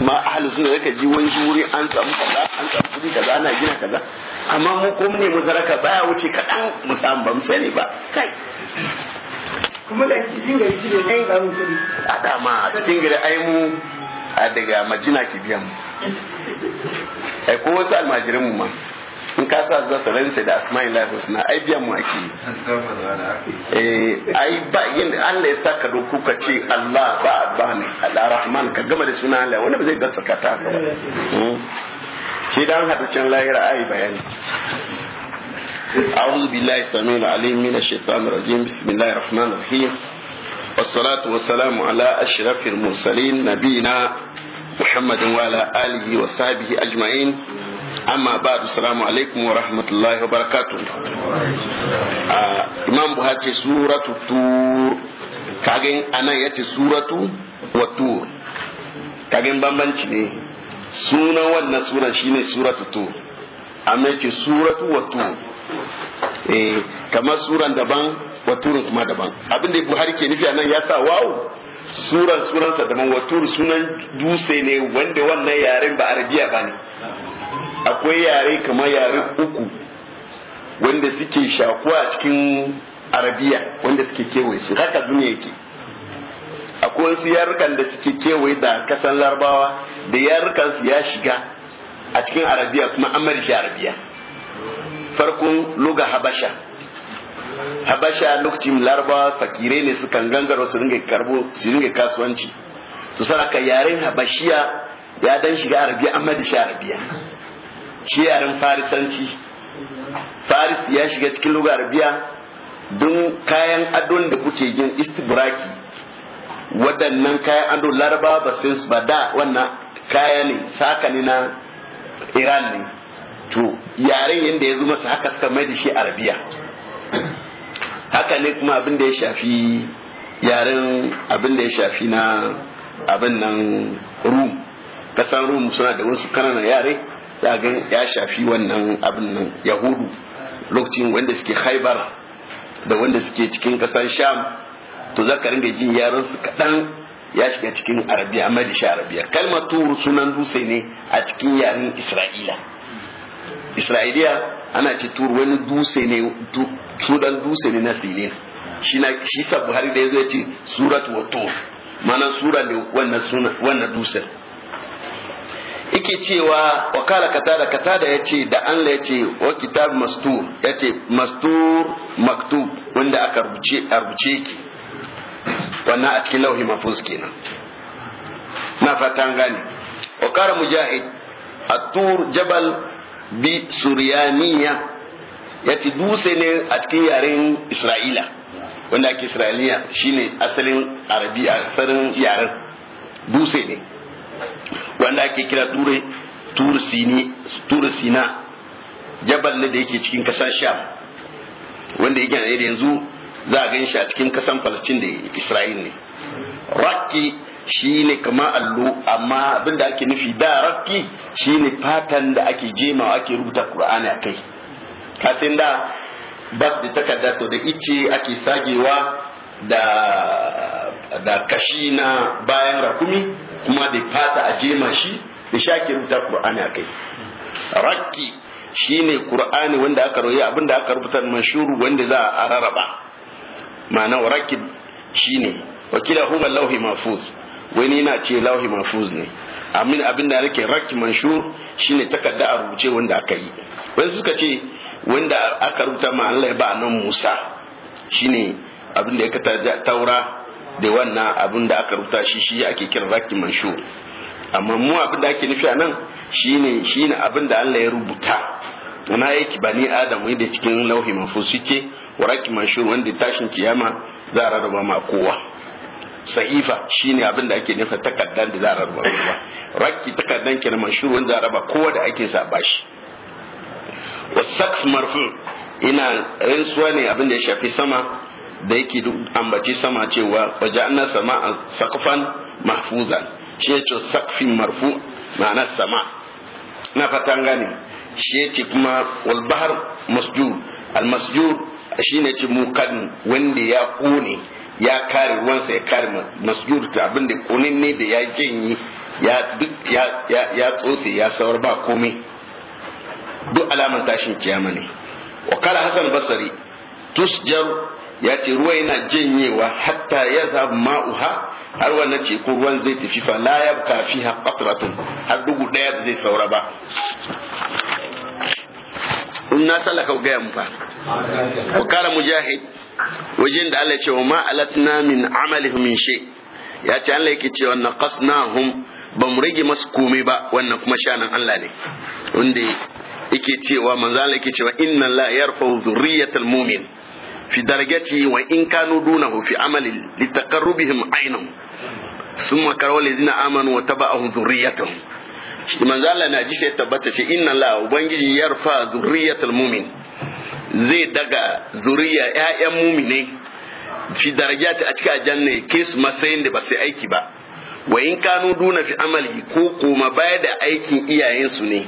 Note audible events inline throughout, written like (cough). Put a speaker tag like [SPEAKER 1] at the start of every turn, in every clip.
[SPEAKER 1] ma ahalin suna zaka ji wani wuri an samu kaza an samu kudi kaza ana gina kaza amma mu ko mu ne mu saraka baya wuce kaɗan mu samu ba mu sani ba
[SPEAKER 2] kai kuma da cikin gari shi ne sai ba mu kudi
[SPEAKER 1] a dama cikin gari ai mu a daga majina ki biya mu ai ko wasu almajirin mu ma in ka sa za su da asma'il lafi suna ai biyan mu ake yi eh, ai ba yin Allah ya saka roku ka ce Allah ba ba al-rahman ka gama da suna Allah wani ba zai gaskata ta ka ba hmm. shi dan hadu can lahira ai bayani أعوذ بالله السميع العليم من الشيطان الرجيم بسم الله الرحمن الرحيم والصلاة والسلام على أشرف المرسلين نبينا محمد وعلى آله وصحبه أجمعين amma ba da salamu alaikum wa rahmatullahi wa barakatu ah, imam buhari ce suratu tur kagin anan ya ce suratu wa tur kagin bambanci ne sunan wannan sunan shine suratu tur amma ya ce suratu wa tur eh kamar suran daban wa turun kuma daban abin ibu buhari ke nufi anan ya sa wawo suran suransa daban wa tur sunan dutse ne wanda wannan yaren ba arabiya ba ne akwai yare kamar yare uku wanda suke shakuwa cikin arabiya wanda suke kewaye su haka duniya yake akwai su yarukan da suke kewaye da kasan larabawa da yarukan su ya shiga a cikin arabiya kuma an shi arabiya farkon luga habasha habasha lokacin larabawa fakirai ne sukan gangaro su ringa karbo su ringa kasuwanci to saraka yaren habashiya ya dan shiga arabiya da shi arabiya shi yaren farisanci faris ya shiga cikin lugu biya don kayan adon da kuke East istibraki waɗannan kayan adon laraba ba sins ba da wannan kaya ne saka ne na iran ne to yaren yadda ya zo masa haka suka mai da shi arabiya haka ne kuma abin da ya shafi yaren abin da ya shafi na abin nan rum kasan rum suna da wasu kananan yare za ya shafi wannan abin nan yahudu lokacin wanda suke haibar da wanda suke cikin kasar sham to za ka ringa jin yaran su kaɗan ya shiga cikin arabiya amma da shi arabiya kalmar tur sunan dutse ne a cikin yaren isra'ila isra'iliya ana ce tur wani dutse ne sudan dutse ne na silin shi na shi sabu buhari da yazo ya ce surat wa tur mana sura ne wannan dutsen yake cewa wakala katada katada ya ce da Allah ya ce wa kitab mastur ya ce mastur maktub wanda aka rubuce ki wannan a cikin lauhi mafuz kenan na fatan gane wakara mujahid atur jabal bi suryaniya ya ce dutse ne a cikin yaren isra'ila wanda ake isra'iliya shine asalin arabi asalin yaren dutse ne wanda ake kira turu sina jabal ne da yake cikin kasar sham wanda yake na yanzu za a ganshi a cikin kasan falastin da isra'il ne rakki shi ne kama allo amma abinda ake nufi da rakki shi ne fatan da ake jemawa ake rubuta Kur'ani a kai kasin da bas da takarda to da ice ake sagewa da da kashi na bayan rakumi kuma da fata a jema shi da shaki rubuta qur'ani akai rakki shine qur'ani wanda aka roye abinda aka rubuta mashuru wanda za a araraba ma'ana rakki shine wakila huwa lauhi mahfuz wani yana ce lauhi mahfuz ne amin abinda nake rakki manshur shine takarda a rubuce wanda aka yi wani suka ce wanda aka rubuta ma Allah ya ba nan Musa shine abinda ya kata taura da wannan abin da aka rubuta shi shi ake kira raki manshu amma mu abin da ake nufi a nan shine shine abin da Allah ya rubuta na yake bani adam da cikin lauhi mahfuz suke waraki manshu wanda tashin kiyama za a rarraba ma kowa sahifa shine abin da ake nufa takaddan da za a rarraba kowa raki takaddan kenan manshu wanda za a raba kowa da ake sa Wasu wasaqf marfu ina rinsuwa ne abin da ya shafi sama da yake ambaci sama cewa waje an sama a sakafan mahfuzan shi ya ce sakfin marfu ma'ana sama na fatan gani shi ya ce kuma walbahar masjur almasjur shi ne ce mukan wanda ya kone ya kare ruwansa ya kare masjur ta abinda da ne da ya janyi ya duk ya tsose ya saurar ba komai duk alamanta tashin kiyama ne wakala hasan basari tusjar ya ce ruwa yana janyewa hatta ya zabu ma'uha har wannan ce ko ruwan zai tafi fa la ya kafi ha qatratun har dugu daya zai saura ba in na ga yan fa wa kala mujahid wajen da Allah ya ce wa ma alatna min amalihim min shay ya ce Allah yake cewa naqasnahum ba mu rage masu komai ba wannan kuma shanan Allah ne wanda yake cewa manzo Allah yake cewa inna la yarfa dhurriyatal mu'min fi darajati wa in kanu dunahu fi amali litaqarrubihim ainahum summa karawa lazina amanu wa taba'ahum dhurriyyatuhum shi manzo Allah na ji sai tabbata ce inna la ubangiji yarfa zurriyatul mu'min zai daga zuriya ƴaƴan mu'mine fi darajati a cikin aljanna ke su da ba sai aiki ba wa in kanu duna fi amali ko kuma baya da aikin iyayensu ne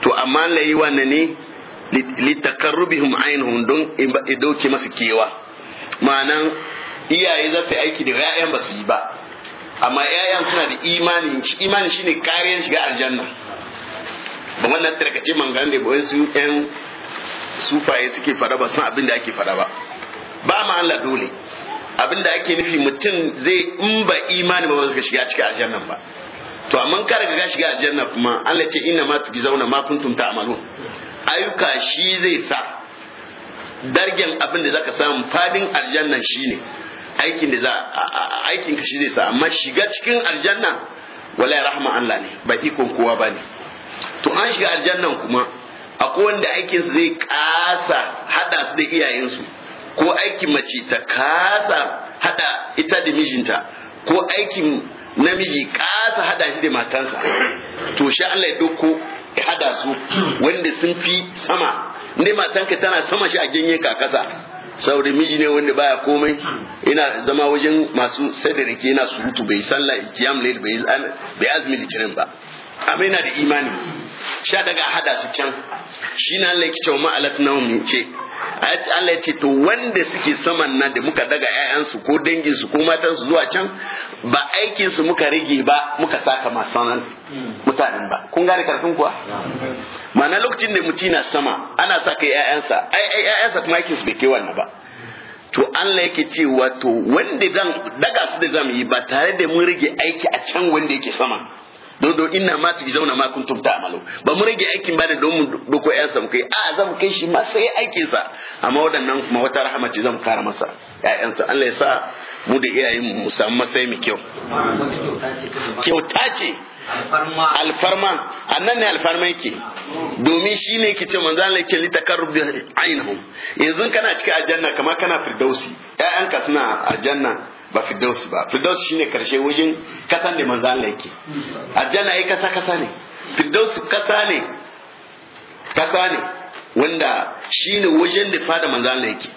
[SPEAKER 1] to amma layi wannan ne litakarrubihum ainihin don ya dauke masu kewa ma'anan iyaye za su aiki da 'ya'yan ba su yi ba amma 'ya'yan suna da imani imani shine kariyar shiga aljanna ba wannan tarkace mangan da bayan su yan sufaye suke fara ba san abin da ake fara ba ba ma Allah dole abin da ake nufi mutum zai in ba imani ba ba su shiga cikin aljanna ba to amma kar ga shiga aljanna kuma Allah ce inna ma tuki zauna ma kuntum ta'malun ayyuka shi zai sa dargen abin da zaka samu fadin aljanna shine aikin da za aikin ka shi zai sa amma shiga cikin aljanna wallahi rahma Allah ne ba ikon kowa bane to an shiga aljannan kuma akwai wanda aikin su zai kasa hada su da iyayensu ko aikin mace ta kasa hada ita da mijinta ko aikin namiji kasa hada shi da matansa to sha Allah ya dauko ya hada su wanda sun fi sama inda matanka tana sama shi a ganye ka kasa saboda miji ne wanda baya komai ina zama wajen masu sadarike yana surutu bai sallah kiyam bai azmi litirin ba amma yana da imani sha daga hada su can shi na Allah ya kice ma alat mu ce Allah ya ce to wanda suke saman nan da muka daga ƴaƴansu ko dangin su ko matan su zuwa can ba aikin su muka rage ba muka saka masanan mutanen ba kun gane karfin kuwa ma'ana lokacin da mutum na sama ana saka ƴaƴansa ai ai ƴaƴansa kuma aikin su bai kai wannan ba to Allah yake cewa to wanda daga su da zamu yi ba tare da mun rage aiki a can wanda yake sama dodo ina ma ciki zauna ma kuntum ta amalu ba mu rage aikin ba da don mu doko sa mu kai a zan kai shi ma sai aikin sa amma waɗannan kuma wata rahama ce zan kara masa sa Allah ya sa mu da iyayen mu samu masai mu kyau kyauta ce alfarma annan ne alfarma yake domin shi ne yake ce manzo Allah yake litakarrub ainhum yanzu kana cikin aljanna kamar kana firdausi ƴaƴanka suna aljanna ba firdaus ba firdaus shine karshe wajen kasan da manzan Allah yake aljanna ai kasa kasa ne firdaus kasa ne kasa ne wanda shine wajen da fada manzan Allah yake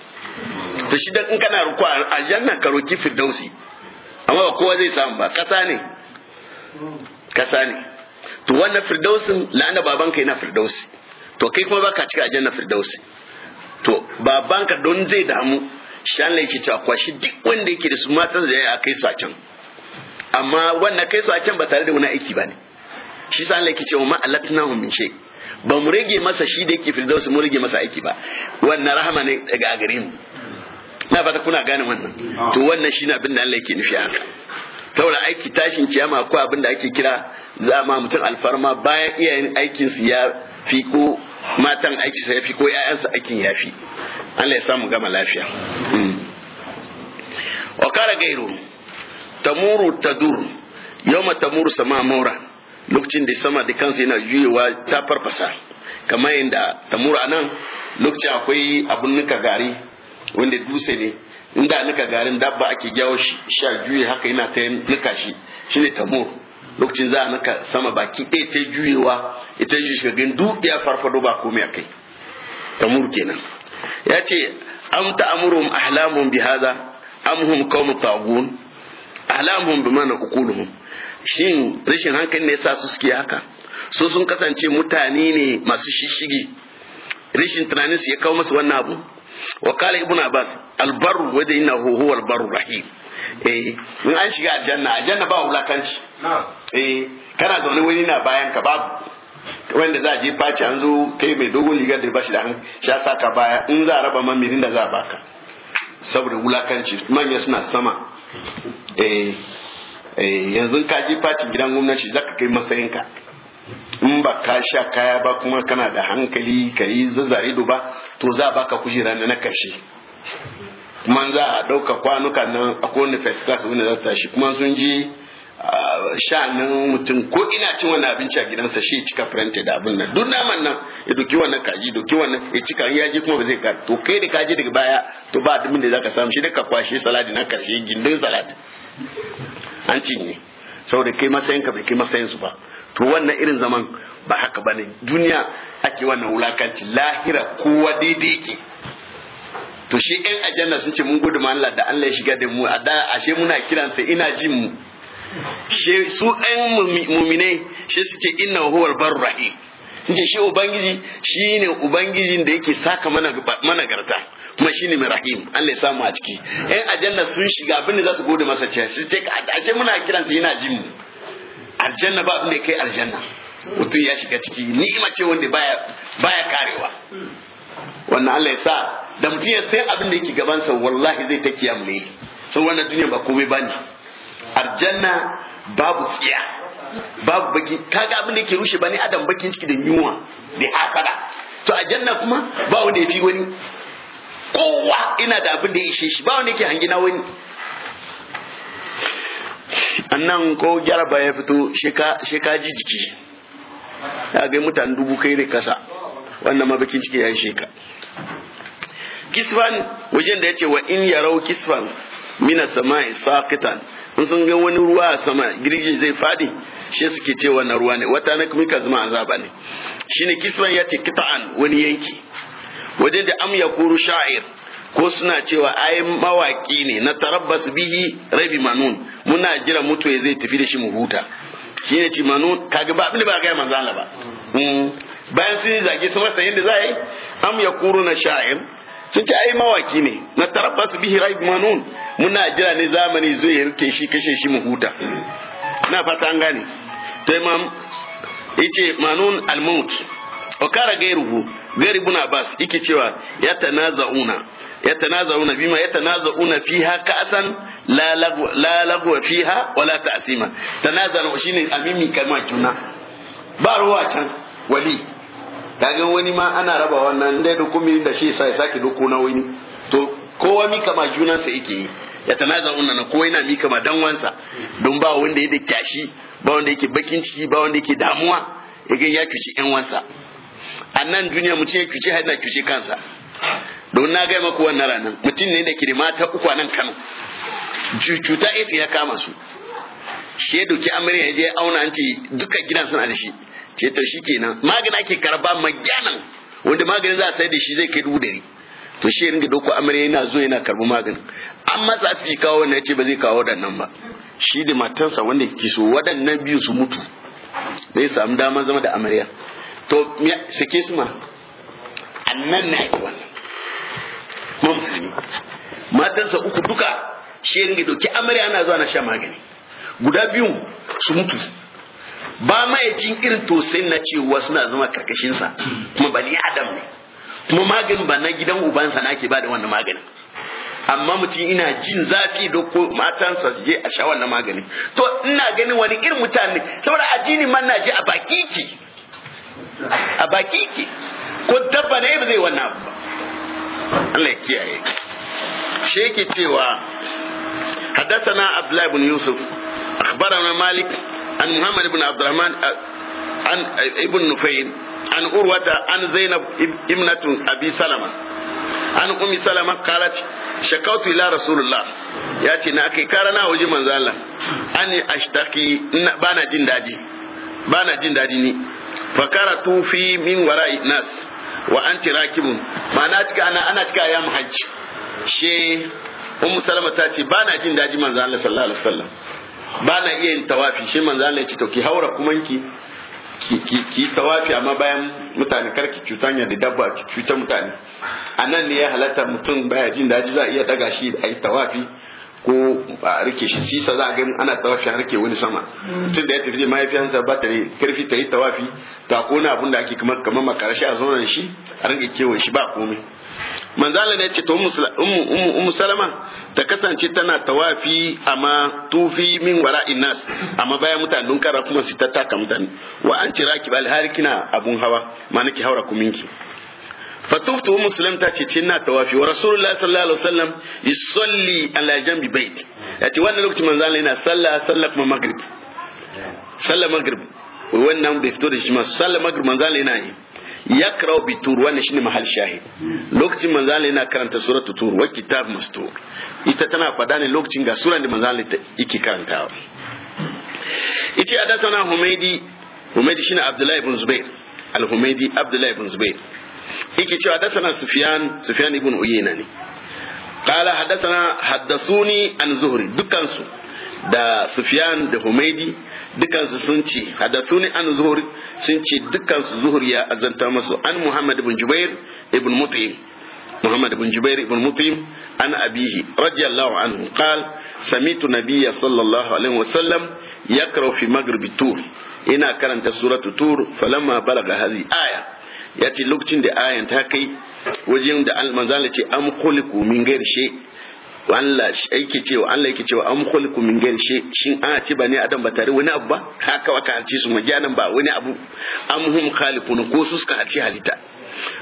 [SPEAKER 1] to shi dan in kana ruku aljanna ka roki firdausi amma ba kowa zai samu ba kasa ne kasa ne to wannan firdausin la'ana babanka yana firdausi to kai kuma baka cika aljanna firdausi to babanka don zai damu shi ce ta kwashi duk wanda yake da su matan da ya kai su a can amma wannan kai su a can ba tare da wani aiki ba ne shi sa Allah yake cewa ma alatnahum min shay ba mu rage masa shi da yake firdaus mu rage masa aiki ba wannan rahama ne daga gare mu na fata kuna gane wannan to wannan shine abin da Allah yake nufi a haka saboda aiki tashin kiyama ko abin da ake kira zama mutum alfarma bayan iyayen aikinsu ya fi ko matan aiki sa yafi ko ƴaƴansa aikin yafi Allah ya samu gama lafiya mm. wa kara gairu tamuru tadur yawma tamuru sama maura lokacin da sama da kansa yana juyewa ta farfasa kamar yadda tamuru anan lokacin akwai abun nuka gari wanda dutse ne inda nuka garin dabba ake jawo shi sha juye haka yana ta nuka shi shine tamuru lokacin za a naka sama baki ɗaya ta juyewa ita ji shiga gan duk ya farfado ba komai a kai tamur kenan ya ce am ta amurum ahlamun bi hada am hum qawm tagun ahlamun bi mana uquluhum shin rashin hankali ne yasa su suke haka su sun kasance mutane ne masu shishigi rashin tunanin su ya kawo masu wannan abu wa kala ibnu abbas albaru wa dinahu huwa albarru rahim eh mun an shiga aljanna aljanna ba wulakanci eh kana zaune wani na bayan ka babu wanda za a je face an zo kai mai dogon ligar da bashi da hannu sha saka baya in za a raba man mirin da za a baka saboda wulakanci manya suna sama eh, eh yanzu ka je face gidan gwamnati zaka kai matsayin ka in ba ka sha kaya ba kuma kana da hankali ka yi zazzare ba to za a baka kujera na karshe kuma za a ɗauka kwanuka nan akwai wanda first class wanda za su tashi kuma sun je sha'anin mutum ko ina cin wani abinci a gidansa shi cika firante da abin nan duk naman nan ya doki wannan kaji doki wannan ya cika ya ji kuma ba zai ka to kai da kaji daga baya to ba dumin da zaka samu shi da ka kwashe salati na karshe gindin salati an cinye saboda kai matsayin ka bai kai matsayin su ba to wannan irin zaman ba haka bane duniya ake wannan wulakanci lahira kowa daidai ke to shi yan ajanna sun ce mun gudu ma Allah da Allah ya shiga da mu a da ashe muna kiransa ina jin mu shi su ɗan muminai shi suke inna huwar bar sun ce shi ubangiji shi ne ubangijin da yake saka managarta kuma shi ne mai rahim Allah ya samu a ciki yan ajanna sun shiga abin za su gode masa ce su ce ashe muna kiransa yana jin mu aljanna ba abin da kai aljanna mutum ya shiga ciki ni'ima ce wanda baya baya karewa wannan Allah ya sa da mutum ya sai abin da yake gabansa wallahi zai ta kiyam ne sai wannan duniya ba komai bane aljanna babu tsiya babu baki kaga abin da yake rushe bani adam bakin ciki da yunwa da asara to aljanna kuma ba wanda ya fi wani kowa ina da abin da ya ishe shi ba wanda yake hangi na wani annan ko jaraba ya fito sheka ji jiki ya ga mutane dubu kai ne kasa wannan ma bakin ciki ya sheka ka kisfan wajen da ya ce wa in yarau kisfan mina sama'i saqitan in sun ga wani ruwa a sama girgin zai fadi shi suke ce wannan ruwa ne wata na kuma ka zama azaba ne shine kisran ya ce kita'an wani yanki wajen da am kuru sha'ir ko suna cewa ayi mawaki ne na tarabbas bihi rabi manun muna jira mutu zai tafi da shi mu huta shine ci manun kaga ba abin da ba ga manzo Allah ba hmm. bayan sun zage su yadda za a yi am kuru na sha'ir sun ce ai mawaki ne na tarabbas bihi raib manun muna jira ne zamani zo ya rike shi kashe shi mu huta na fata an gane to imam yace manun al-maut wa kara gairuhu gari buna bas. yake cewa ya tanaza'una ya tanaza'una bima ya tanaza'una fiha ka'san la lagu la lagu fiha wala ta'sima tanaza'u shine amimi kalma juna ba ruwa can wali kaga wani ma ana raba wannan dai dukumi da shi sai saki duku na wani to kowa mika ma junansa yake yi ya tanaza unna na kowa yana mika ma dan wansa don ba wanda yake kyashi ba wanda yake bakin ciki ba wanda yake damuwa yake ya kici yan wansa a nan duniya mutum ya kici har na kici kansa don na gaya maku wannan ranar mutum ne da ke da mata uku a nan Kano cuta ita ya kama su shedu ki amarya ya je auna an ce duka gidan suna da shi ce to kenan, magana ke karba magyanan wanda maganin za a sai da shi zai kai dubu dari to shi ringa doko amarya yana zo yana karbi maganin an masa fi kawo wannan ce ba zai kawo waɗannan ba shi da matansa wanda ke so waɗannan biyu su mutu bai samu damar zama da amarya to sake su ma annan na yi wannan ma musulmi matansa uku duka shi ringa doki amarya ana zuwa na sha magani guda biyun su mutu ba ma irin tosin na cewa suna zama karkashinsa kuma ni adam ne kuma maganin ba na gidan ubansa na ke ba da wannan maganin amma mutum ina jin zafi da ko matansa je a sha wannan maganin to ina ganin wani irin mutane saboda ajini man na ji a baki ki a baki ki ko dabba ne ba zai wannan abu ba Allah ya kiyaye shi yake cewa حدثنا عبد الله بن يوسف أخبرنا مالك an muhammad ibn abdurrahman an ibn an urwata an zainab ibnatu abi salama an ummi salama qalat shakautu ila rasulullah ya ce na kai kara na waje manzo Allah ani ashtaki bana jin daji jin daji ni fa karatu fi min wara'i nas wa anti ma'ana cika ana ana cika ya hajji she ummu salama ta ce bana jin daji manzo Allah sallallahu alaihi wasallam ba na iya yin tawafi shi man Allah ce to ki haura kuma ki ki tawafi amma bayan mutane karki cutanya da dabba cuta mutane anan ne ya halatta mutum baya jin daji za a iya daga shi a yi tawafi ko a rike shi sisa za a ga ana tawafi a rike wani sama mutum da ya tafi da mahaifiyansa ba ta karfi ta yi tawafi ta kona abin da ake kamar kamar makarashi a zaunan shi a rike kewan shi ba komai manzala ne ce to ummu salama ta kasance tana tawafi amma tufi min wara inas amma bayan mutane dun kara kuma su ta taka mutane wa an cira ki bal har kina abun hawa ma nake haura kuminki fatuftu ummu salam ta ce cin tawafi wa rasulullahi sallallahu alaihi wasallam yusalli ala jambi bait yace wannan lokacin manzala yana sallah sallah kuma maghrib sallah maghrib wannan bai fito da shi ma sallah maghrib manzala yana yi yaqra'u bi wanda wannan shine mahal shahid lokacin manzali yana karanta suratu tur wa kitab mastur ita tana fada ne lokacin ga suran da manzo Allah yake karantawa yace na humaydi humaydi shine abdullahi ibn zubair al-humaydi abdullahi ibn zubair yake cewa hadathana sufyan sufyan ibn uyayna ne قال حدثنا حدثوني عن زهري دكانسو da Sufiyan da Humaidi dukansu sun ce hadasu ne an zuhur sun ce dukansu zuhur ya azanta masu an muhammad ibn jubair ibn mutim muhammad ibn jubair ibn mutim an abihi radiyallahu anhu qal samitu nabiyya sallallahu alaihi wasallam yakra fi maghrib tur ina karanta suratu tur falamma balaga hadhihi aya yace lokacin da ayan ta kai wajen da al-manzala ce am khuliqu min ghairi shay' Allah yake cewa an yake cewa min ghairi shay shin an ci bane adam ba tare wani abu ba haka waka an ci su magiyanan ba wani abu am hum khaliqun ko su suka ci halitta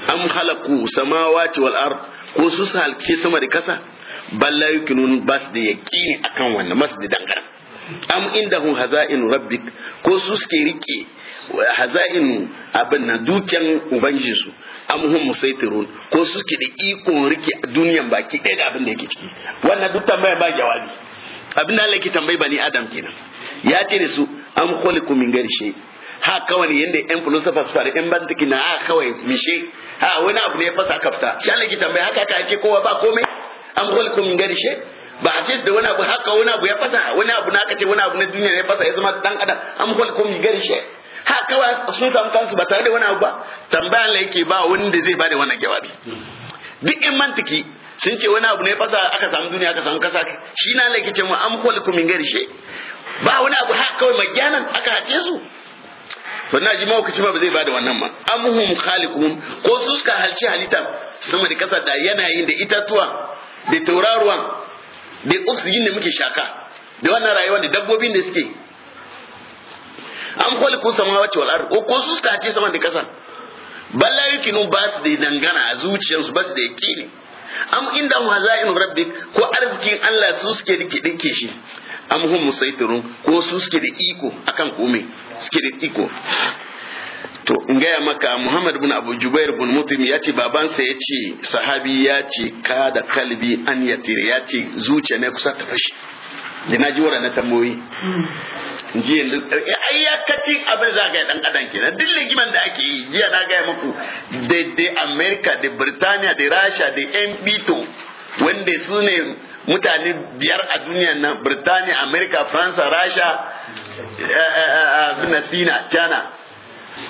[SPEAKER 1] am khalaqu samawati wal ard ko su su halki sama da kasa balla yukinun bas da yaqini akan wannan masjidan da am indahu hazain rabbik ko su suke rike hazainu abin na dukiyan ubangiji su amhum musaitirun ko suke da ikon rike duniyan baki ɗaya da abin da yake ciki wannan duk tambaya ba jawabi abin da Allah yake tambayi bani adam kenan ya ce da su am khuliqu min gari shay ha kawai yanda yan philosophers fara yan bantiki na ha kawai mishe ha wani abu ne ya fasa kafta shi Allah yake tambayi haka ka ce kowa ba komai am khuliqu min gari shay ba a ce da wani abu haka wani abu ya fasa wani abu na kace ce wani abu na duniya ne ya fasa ya zama dan adam am khuliqu min ghairi shay ha kawai sun samu kansu ba tare da wani abu ba tambayan la yake ba wanda zai bada wannan jawabi duk in mantiki sun ce wani abu ne fasa aka samu duniya aka samu kasa shi na laiki ce mu'am kwalikun khalqu min ghairi ba wani abu ha kawai magyanan aka hace su wannan na ji mawakaci ba zai bada wannan ma amhum khaliqum ko su suka halci halitta sama da kasa da yanayin da itatuwa da tauraruwan da oxygen da muke shaka da wannan rayuwar da dabbobin da suke an khaliqu samawati wal ard ko su suka ce sama da kasa balla yukinu ba su da dangana a zuciyarsu ba su da yaqini am inda hazain rabbik ko arzikin Allah su suke rike dinke shi am hum musaitirun ko su suke da iko akan komai suke da iko to in gaya maka Muhammad bin Abu Jubair bin Mutim ya ce babansa ya ce sahabi ya ce ka da kalbi an yatir ya ce zuciya ne kusa ta fashi da na ji na tamboyi Eh, ai ya kaci abin za ga dan adam kenan duk ligiman da ake yi jiya na gaya muku da da America da Britania da Russia da yan bito wanda su ne mutane biyar a duniya nan Britania America France Russia eh, eh, na Sina China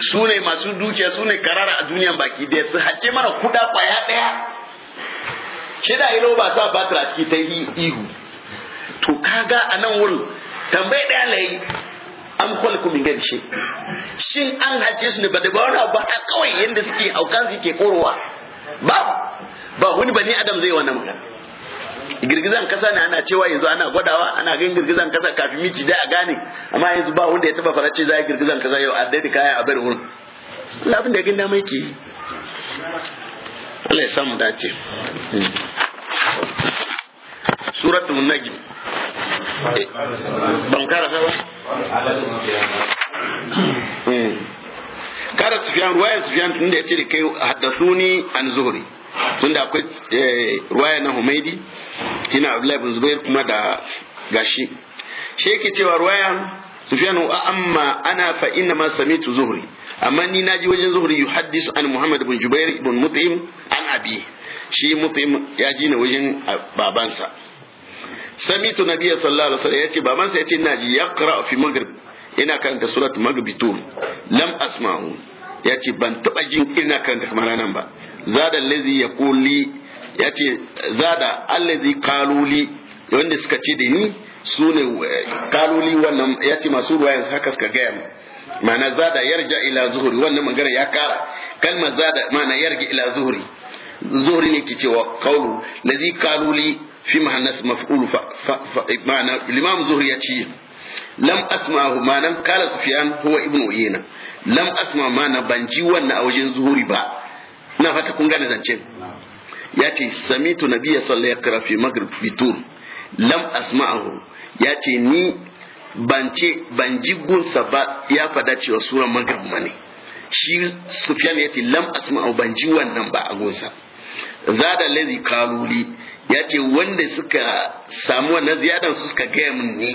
[SPEAKER 1] su ne masu dukiya su ne karara a duniya baki da su hace mana kuda kwaya daya shida ilo ba sa batir a ciki ta ihu to kaga a nan wurin tambaye ɗaya layi. an khalqu min ghairi shi shin an hace su ne ba da ba wani ba a kawai yanda suke aukan su ke korowa ba ba wani bani adam zai wannan magana girgizan kasa ne ana cewa yanzu ana gwadawa ana gan girgizan kasa kafin miji da a gane amma yanzu ba wanda ya taba farace za a girgizan kasa yau a da kaya a bari wurin Allah abin da gin dama yake Allah ya samu dace hmm. suratul najm ban karasa ba eh. kada su fiyan ruwayar su fiyan tun da ya ce da kai haddasuni an zuhuri tun da akwai eh, Ruwaya na humaidi tina abdullahi bin zubair kuma da gashi shi yake cewa ruwayar sufyan wa amma ana fa inna ma tu zuhri amma ni na ji wajen zuhri yuhaddisu an Muhammadu bin jubair ibn mut'im an abi shi mut'im ya ji na wajen babansa samitu nabiyya sallallahu alaihi wasallam yace baban sa yace ina ji yaqra fi maghrib ina karanta suratul maghrib tum lam asma'u yace ban taba jin ina karanta kamar nan ba zada allazi yaquli yace zada allazi qaluli wanda suka ce da ni su ne kaloli eh, wannan ya ce masu ruwayan haka suka gaya mu ma'ana zada yarja ila zuhri. wannan magana ya kara kalmar zada ma'ana yarja ila zuhri. Zuhri ne ke cewa kaulu lazi kaluli fi mahannas maf'ul fa eh, ma'ana Imam Zuhri ya ce lam asma'ahu ma'anan kala Sufyan huwa Ibn Uyayna lam asma ma'ana ban ji wannan a wajen Zuhri ba ina fata kun gane zancen ya ce samitu nabiyya sallallahu alaihi wasallam fi maghrib bitur lam asma'ahu ya ce ni ban ce ban ji gunsa ba ya faɗa cewa suran maghrib ne shi Sufyan ya ce lam asma'ahu ban ji wannan ba a gunsa zada lazi kaluli ya ce wanda suka samu wannan ziyadar su suka gaya min ni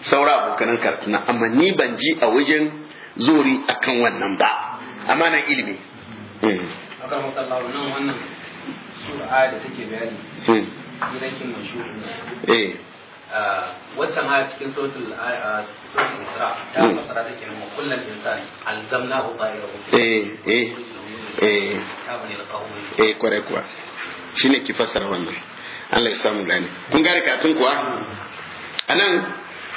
[SPEAKER 1] saura abokanan kartuna amma ni ban ji a wajen zori akan wannan ba amma nan ilimi hmm. sura da take bayani yi hmm. mashuri
[SPEAKER 2] eh ah, waccan haya cikin sautul ah, sautul isra ta hmm. fasara take nan kullal insan alzamnahu ta'irahu
[SPEAKER 1] eh eh eh eh kware kuwa ne ki fassara wannan Allah ya samu gane kun gane kafin kuwa anan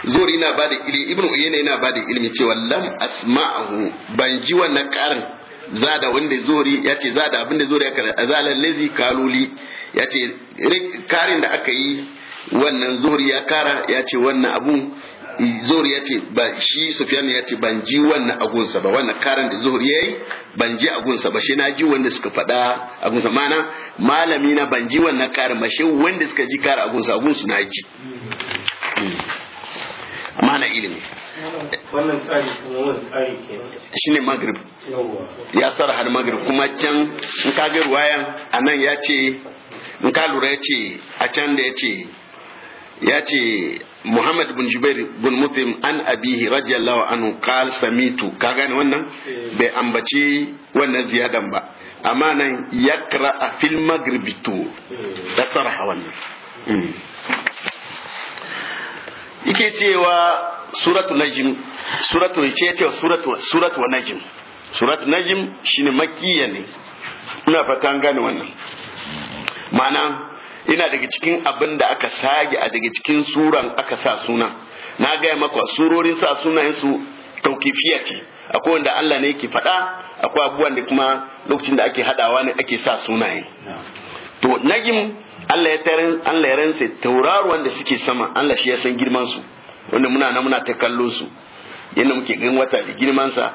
[SPEAKER 1] zuri na bada ilimi ibnu uyayna yana bada ilimi cewa lam asma'ahu ban ji wannan karin zada wanda zori ya ce zada abinda zori ya kara azala lazi kaluli ya ce karin da aka yi wannan zori ya kara ya ce wannan abu zuhur ya ce ba shi sufyan ya ce ban ji wannan agunsa ba wannan karin da zuhur yi ban ji agunsa ba shi na ji wanda suka faɗa agunsa mana malami na ban ji wannan karin ba shi wanda suka ji kar agunsa agunsu na ji mana hmm. ilimi
[SPEAKER 2] wannan tsari kuma wani tsari ke
[SPEAKER 1] shine magrib ya sara har magrib kuma can in ka ga ruwayan anan ya ce in ka lura ya ce a can da ya ce ya ce muhammad bin jubair bin mutim an abihi radiyallahu anhu qal samitu ka gane wannan eh. bai ambaci wannan ziyadan ba amma nan yakra a fil maghribi to eh. da sarha wannan hmm. yake cewa suratu najm suratu ce ce suratu suratu najm suratu najm shine makkiya ne ina fata an gane wannan ma'ana ina daga cikin abin da aka sage a daga cikin suran aka sa suna na gaya maka surorin sa sunayen su taukifiya ce akwai wanda Allah ne yake faɗa akwai abubuwan da kuma lokacin da ake haɗawa ne ake sa sunaye to nagim Allah ya tarin Allah ya rantsa tauraro wanda suke sama Allah shi ya san girman su wanda muna nan muna ta kallo su yanda muke gan wata da girman sa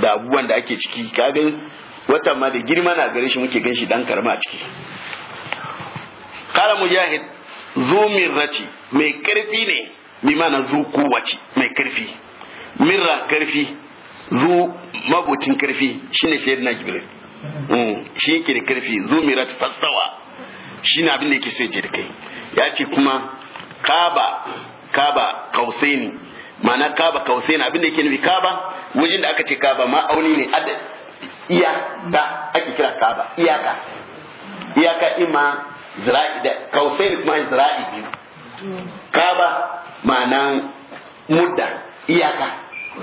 [SPEAKER 1] da abubuwan da ake ciki kaga wata ma da girma na gare shi muke gan shi dan karama a ciki qala mujahid zu mirrati mai karfi ne bi mana zu kuwaci mai karfi mirra karfi zu mabucin karfi shine sayyidina jibril mm, shi yake da karfi zu mirrat fastawa shine abin da yake so ya da kai ya ce kuma kaba kaba kausaini ma'ana kaba kausaini abin da yake nufi kaba wajen da aka ce kaba ma auni ne iya da ake kira kaba iyaka iyaka ima zira'i da kausain kuma zira'i biyu kaba ma'anan mudda iyaka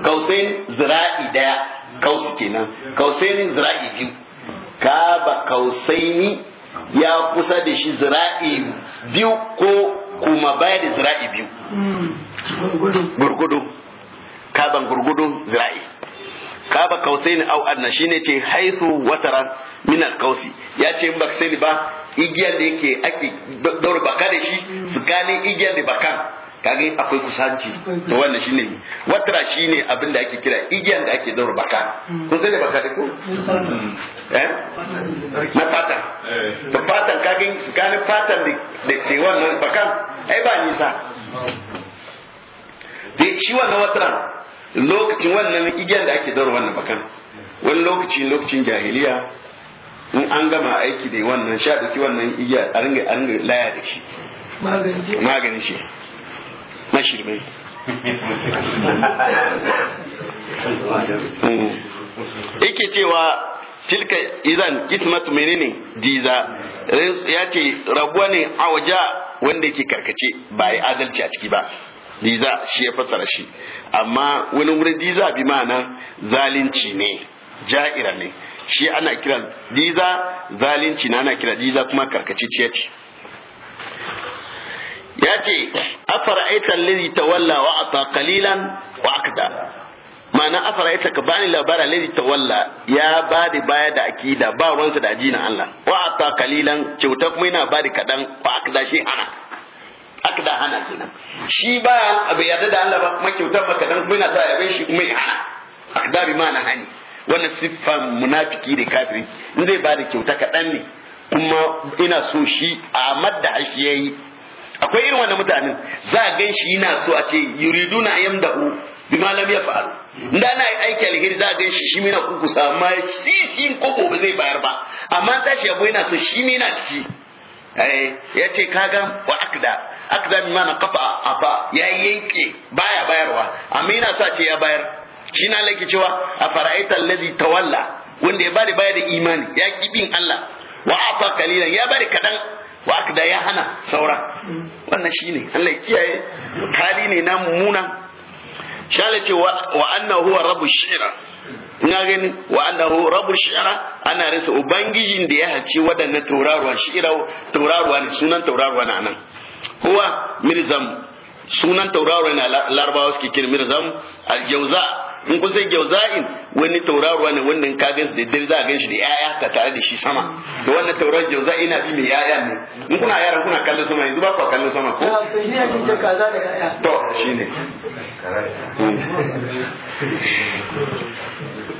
[SPEAKER 1] kausai zira'i daya kausu kenan kausai ni zira'i biyu kaba ni ya kusa da shi zira'i biyu ko kuma baya da zira'i biyu hmm. gurgudu kaba gurgudu zira'i kaba ni au adna shine ce haisu watara min kausi ya ce in baka ba igiyar da yake ake daura baka da shi gane igiyar da baka kage akwai kusanci to wannan shine watra shine abin da ake kira igiyar da ake daura baka kun sai da baka da ko eh na fatan eh. to fatan su gane fatan da da wannan bakan ai ba nisa dai shi wannan watara lokacin wannan igiyar da ake daura wannan bakan wani lokaci lokacin jahiliya in an gama aiki da wannan sha ɗauki wannan igiya a ringa a ringa laya da shi magani shi mashirmai (laughs) yake cewa tilka izan ismatu menene jiza ya ce rabuwa ne a waje wanda yake karkace ba ya adalci a ciki ba jiza shi ya fassara shi amma wani wurin jiza bi ma'ana zalunci ne ja'ira ne shi ana kira diza zalunci na ana kira diza kuma karkaciciya ce ya ce afara'aitar lizi ta walla wa ata kalilan wa akda ma'ana afara'aitar ka bani labarin lizi ta walla ya ba da baya da akida ba ruwansa da aji na Allah wa ata kalilan kyauta kuma yana ba da kaɗan wa akda shi ana, akada hana kenan shi ba abu yarda da Allah ba kuma kyauta ba kaɗan kuma yana sa yabe shi kuma ya hana akda bi ma'ana hani wannan siffan munafiki da kafiri in zai ba da kyauta kaɗan ne kuma ina so shi a madda shi ya yi akwai irin wannan mutanen za a gan shi yana so a ce yuriduna yamdahu bima lam yaf'alu inda ana aiki alheri za a gan shi shi mina kukusa amma shi shi koko ba zai bayar ba amma tashi yabo yana so shi mina ciki eh, ya ce kaga wa akda akda bima na kafa afa ya yanke baya bayarwa amma yana so a ce ya bayar shi na lake cewa a fara'aita allazi tawalla wanda ya ba baya da imani ya ki bin Allah wa afa kalilan ya bari kadan wa aka da ya hana saura wannan ne Allah ya kiyaye hali ne na mummuna shi Allah ce wa annahu huwa rabu shi'ra ina gani wa huwa rabu shi'ra ana rinsa ubangijin da ya hace wadannan tauraruwa shi'ra tauraruwa ne sunan tauraruwa na nan huwa mirzam sunan tauraruwa ne larabawa suke kira mirzam aljauza in kun san gauza'in wani tauraruwa ne wannan ka gan da dare za a gan shi da yaya ka tare da shi sama da wannan tauraruwa gauza'in na bi mai yaya ne in kuna yaran kuna kallon sama yanzu ba ku kallon sama ko ah, to shine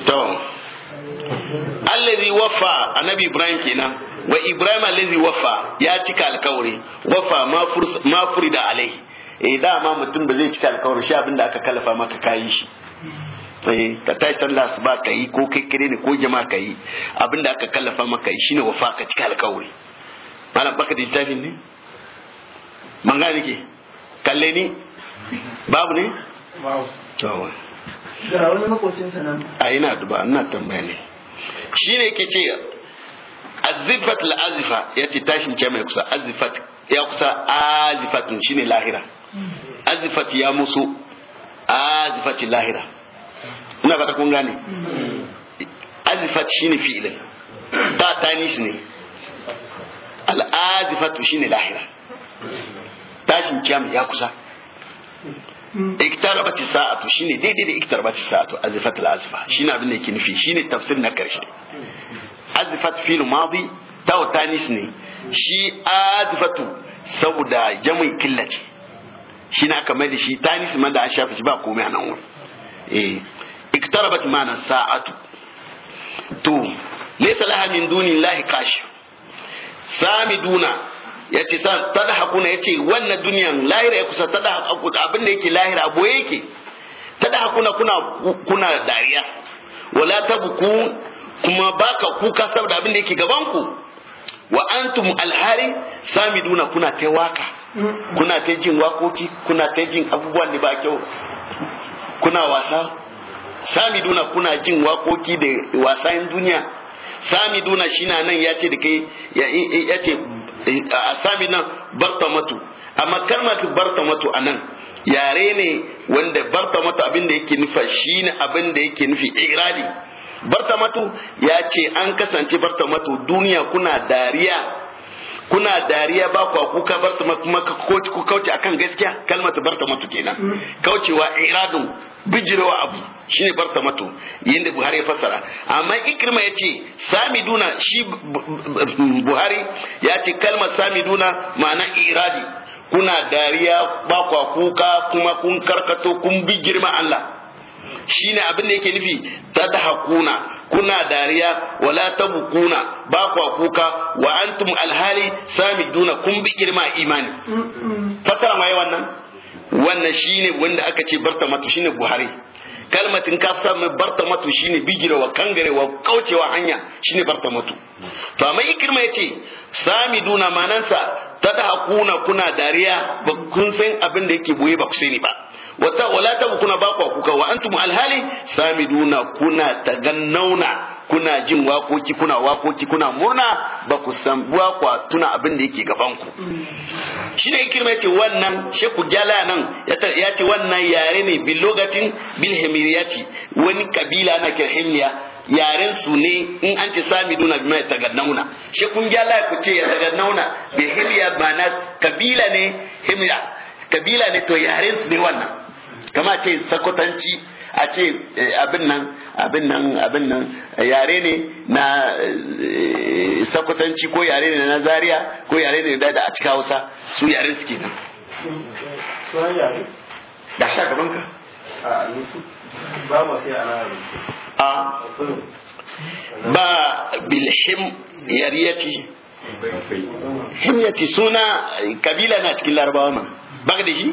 [SPEAKER 1] to allazi wafa annabi ibrahim kenan wa ibrahim allazi wafa ya cika alkawari wafa ma furida alai eh dama mutum ba zai cika alkawari shi abinda aka kalafa maka kayi shi sai eh, ka tashi sallah ba ka yi ko kai kire ne ko jama'a ka yi abinda aka kallafa maka yi shine wafa ka cika alkawari malam baka da littafin ne man gane ke kalle ni babu ne babu da wani makocin sanan a ina duba ina tambaya ne shine yake ce azifat la'azifa ya ce tashin ce mai kusa azifat ya kusa azifatun shine lahira hmm. azifat ya musu azifat lahira ina fata kun gane azifat shine fi'ilin ta tanis ne al'azifatu shine lahira tashin kiyam ya kusa iktarabat sa'atu shine daidai da iktarabat sa'atu azifat al'azifa shine abin da yake nufi shine tafsir na karshe azifat fil madi ta tanis ne shi azifatu saboda jami'in killace shi na kamar da shi tanis ma da an shafi shi ba komai a nan wuri eh iktarabat mana sa'atu to laysa laha min dunillahi kashi samiduna yace sa tadhakuna yace wannan duniyan lahira ya kusa tadhaku abin da yake lahira aboye yake tadhakuna kuna kuna dariya wala tabku kuma baka kuka saboda abin da yake gaban ku wa antum alhari samiduna kuna ta waka kuna ta jin wakoki kuna ta jin abubuwan da ba kyau kuna wasa sami duna kuna jin wakoki da wasan duniya sami duna shi na nan ya ce da kai ya ce a sami nan barta matu. amma kalmar matu a nan yare ne wanda matu abin da yake nufa shi ne abin da yake nufi Barta matu ya ce an kasance barta matu. duniya kuna dariya kuna dariya ba ku kuka bar ta kuma kauce ku kauce akan gaskiya kalmar ta bar ta mutu kenan mm. kaucewa iradun bijirwa abu shine bar ta mutu yanda Buhari ya fassara amma Ikrima yace duna shi Buhari ya ce kalmar duna ma'ana iradi kuna dariya ba ku kuka kuma kun karkato kun bi girma Allah shine abin da yake nufi ta tadhakuna kuna dariya wala ta ba kwa kuka wa antum alhali samiduna kun bi girma imani fasara mai wannan wannan shine wanda aka ce shi shine buhari kalmatin ka samu bartamatu shine bigira wa kangare wa kaucewa hanya shine bartamatu to amma ikirma yace samiduna manansa tadhakuna kuna dariya ba kun san abin da yake boye ba ku sani ba wata wala ta kuna ba ku kuka wa antum alhali samiduna kuna tagannauna kuna jin wakoki kuna wakoki kuna murna ba ku san buwa kwa tuna abin da yake gaban ku shine ikirma yace wannan she ku gyala nan ya ce wannan yare ne bil logatin bil himiriyati wani kabila na kirhimiya yaren su ne in an ci sami duna bi mai tagannauna she kun gyala ku ce ya tagannauna bi hiliya ba na kabila ne himya kabila ne to yaren su ne wannan kama ce sakotanci a ce eh, abin nan abin nan abin nan eh, yare ne na eh, sakotanci ko yare ne na zaria ko yare ne da a cika hausa su yare suke nan
[SPEAKER 2] da sha gaban ka
[SPEAKER 1] a ba bilhim yariyati himyati suna kabila na cikin larabawa ma ba da shi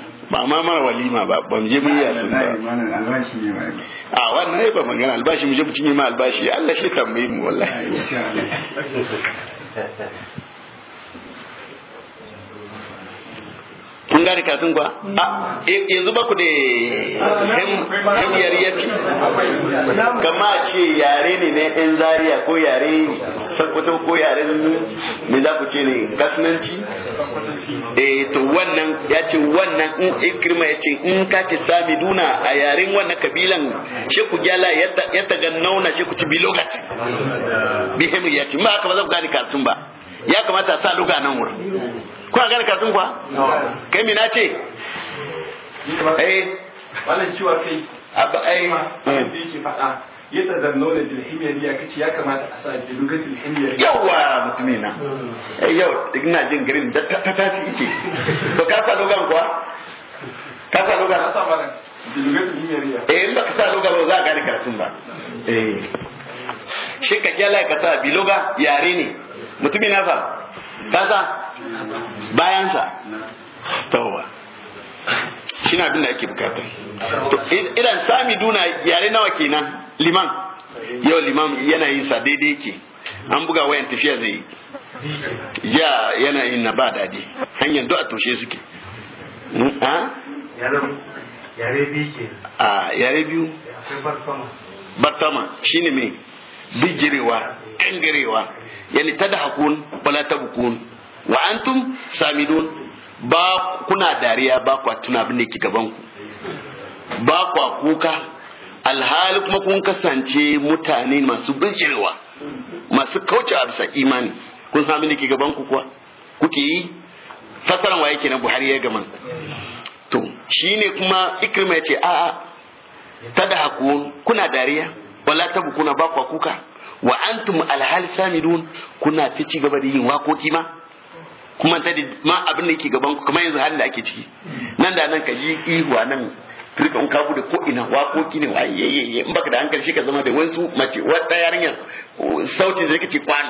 [SPEAKER 1] ba ma mara walima ba ban je mun yasin ba a wannan ai ba magana albashi mu je mu cinye ma albashi Allah shi tambaye mu wallahi (laughs) kun gane kafin kuwa mm. a ah, eh,
[SPEAKER 2] yanzu ba ku da ya yati
[SPEAKER 1] kama a ce yare ne na yan zaria ko yare sakwato ko yaren ne za ku ce ne kasnanci eh to wannan ya ce wannan in ikirma ya ce in ka ce sami duna a yaren wannan kabilan shi ku gyala ya taga nauna shi ku ci bi lokaci bihimu ya ce ma aka ba za ku gane kafin ba ya kamata sa luga nan wurin kuna gane karatun kuwa kai mina ce eh wannan ciwa kai abu eh. ai ma Yi da eh. yake faɗa ya tazarno da ya kace ya kamata a sa dilugar dilhimiyariya yawa mutumi na eh, yau na jin girin da ta tashi ike to ka sa dogan kuwa ka sa dogan ka sa mana dilugar dilhimiyariya eh in baka sa dogan ba za a gane ba eh shi ka jala ka sa biloga yare ne mutumin nasa bayan bayansa tawwa shi na abin da ake bukata idan sami duna yare nawa kenan liman yau liman yana yin sa daidai yake an buga wayan tafiya zai ya yana yin na ba daɗi hanyar do a toshe suke hmm,
[SPEAKER 2] yare biyu ke
[SPEAKER 1] a yare biyu bartama shine mai bijirewa ƙangarewa yani tadhakun wala tabkun wa antum samidun ba kuna dariya ba kwa tuna abin da yake gaban ku ba kwa kuka alhali kuma kun kasance mutane masu bijirewa masu kauce a bisa imani kun san ne ke gaban ku kuwa kuke yi fasaran waye kenan Buhari ya gaman to shine kuma Ikrima ya a a'a tadhakun kuna dariya wala tabkuna ba kwa kuka wa antum alhal samidun kuna ta ci gaba da yin wakoki ma kuma ta da ma abin da yake gaban ku kamar yanzu halin da ake ciki nan da nan ka ji ihu a nan rika in ka bude ko ina wakoki ne wa yayyaye in baka da hankali shi ka zama da wasu mace wata yarinya sautin da kake kwan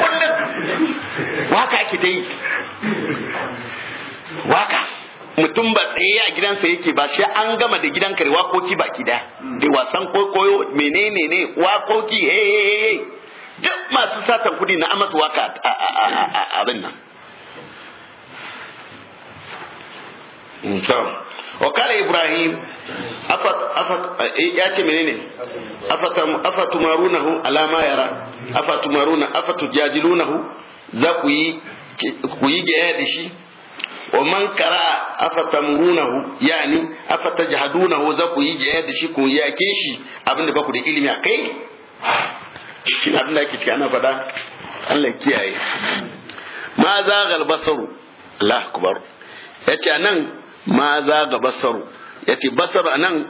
[SPEAKER 1] wannan waka ake ta yi waka mutum ba tsaye a gidansa yake ba shi an gama da gidan kare wakoki baki da mm. da wasan kokoyo menene ne wakoki he he he duk masu satan kudi na amas waka abin nan wakala ibrahim eh, ya ce menene afatumarunahu alama yara afa afatujajilunahu za ku yi ku yi gaya da shi wa man qara afatamrunahu yani afatajahadunahu za ku yi jaya da shi ku yake shi abinda ba ku da ilimi a kai shi abinda ake ci ana faɗa Allah kiyaye ma za gal basaru Allah akbar yace anan ma za ga basaru yace basaru anan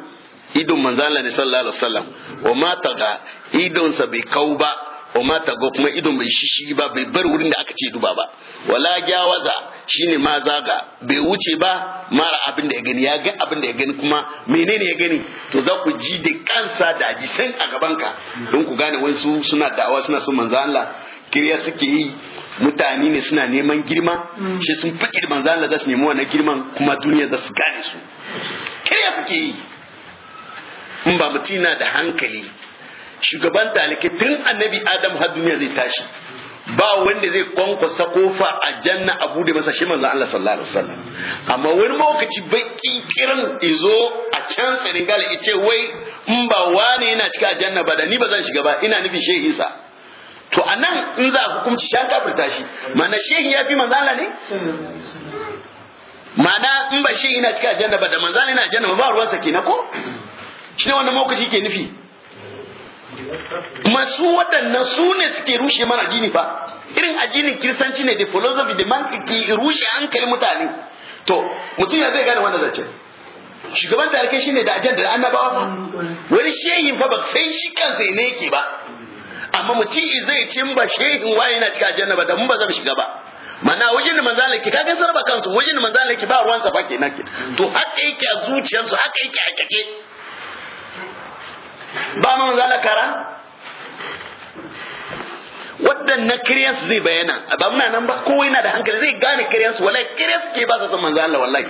[SPEAKER 1] idon manzo Allah ne sallallahu alaihi wasallam wa ma taga idon sa bai kau ba wa mata go kuma ido bai shishi ba bai bar wurin da aka ce duba ba wala gyawaza shine ma zaga bai wuce ba mara abin da ya gani ya ga abin da ya gani kuma menene ya gani to za ku ji da kansa da ji san a gaban ka don ku gane wasu suna dawa suna son manzo Allah kiriya suke yi mutane ne suna neman girma mm. shi sun fakir girman Allah za su nemi wannan girman kuma duniya za su gane su kiriya suke yi in ba mutum na da hankali shugaban talikai tun annabi adam har duniya zai tashi ba wanda zai kwankwasa kofa a janna a bude masa shi manzo Allah sallallahu alaihi wasallam amma wani lokaci baki kiran izo a can gali yace wai in ba wani yana cika janna ba da ni ba zan shiga ba ina nufin shehi Isa to anan in za a hukunci shan kafirta shi mana shehi ya fi manzo Allah ne mana in ba shehi yana cika janna ba da manzo Allah yana janna ba ruwansa kenan ko shi ne wannan lokaci ke nufi masu waɗannan su ne suke rushe mana addini fa irin addinin kirsanci ne da philosophy da mantiki rushe hankalin mutane to mutum ya zai gane wannan zace shugaban tarihi shine da da annabawa ba wani shehin fa ba sai shi kansa ne yake ba amma mutum zai ce ba shehin waye yana cika ajanda ba da mun ba zan shiga ba mana wajen da manzo Allah ke kaga sarba kansu wajen da manzo Allah ke ba ruwan sa ba kenan to haka yake a zuciyarsu haka yake a kake ba ma manzala kara waɗannan kiryansu zai bayyana ba muna nan ba kowa yana da hankali zai gane kiryansu wallahi kirya suke ba sa san manzo Allah wallahi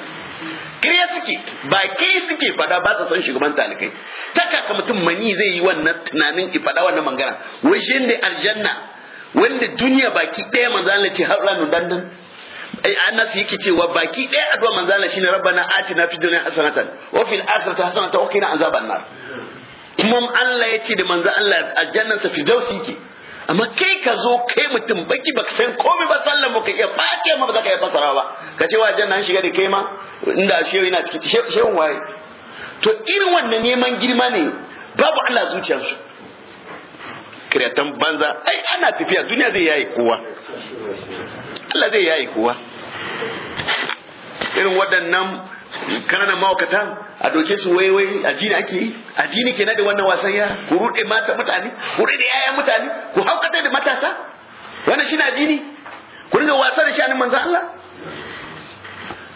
[SPEAKER 1] kirya suke ba ke suke fada ba sa san shugaban talikai ta kaka mutum mani zai yi wannan tunanin ki fada wannan mangana wajen da aljanna wanda duniya baki ɗaya manzo Allah ke har ranu dandan annas yake cewa baki ɗaya addu'a manzo Allah shine rabbana atina fid dunya hasanatan wa fil akhirati hasanatan wa qina azaban nar kuma Allah ya ce da manzo Allah aljannansa firdausi ke amma kai ka zo kai mutum baki baka san komai ba sallan ba iya face ma ba za ka iya fasara ba ka ce wa aljanna an shiga da kai ma inda shehu yana cikin shehun waye to irin wannan neman girma ne babu Allah zuciyarsu kiryatan banza ai ana tafiya duniya zai yayi kowa Allah zai yayi kowa irin waɗannan kananan mawakatan a doke su waiwai a jini ake yi a jini ke da wannan wasan ya ku rude mata mutane ku rude yayan mutane ku haukata da matasa wannan shi na jini ku ringa wasa da shanin manzan Allah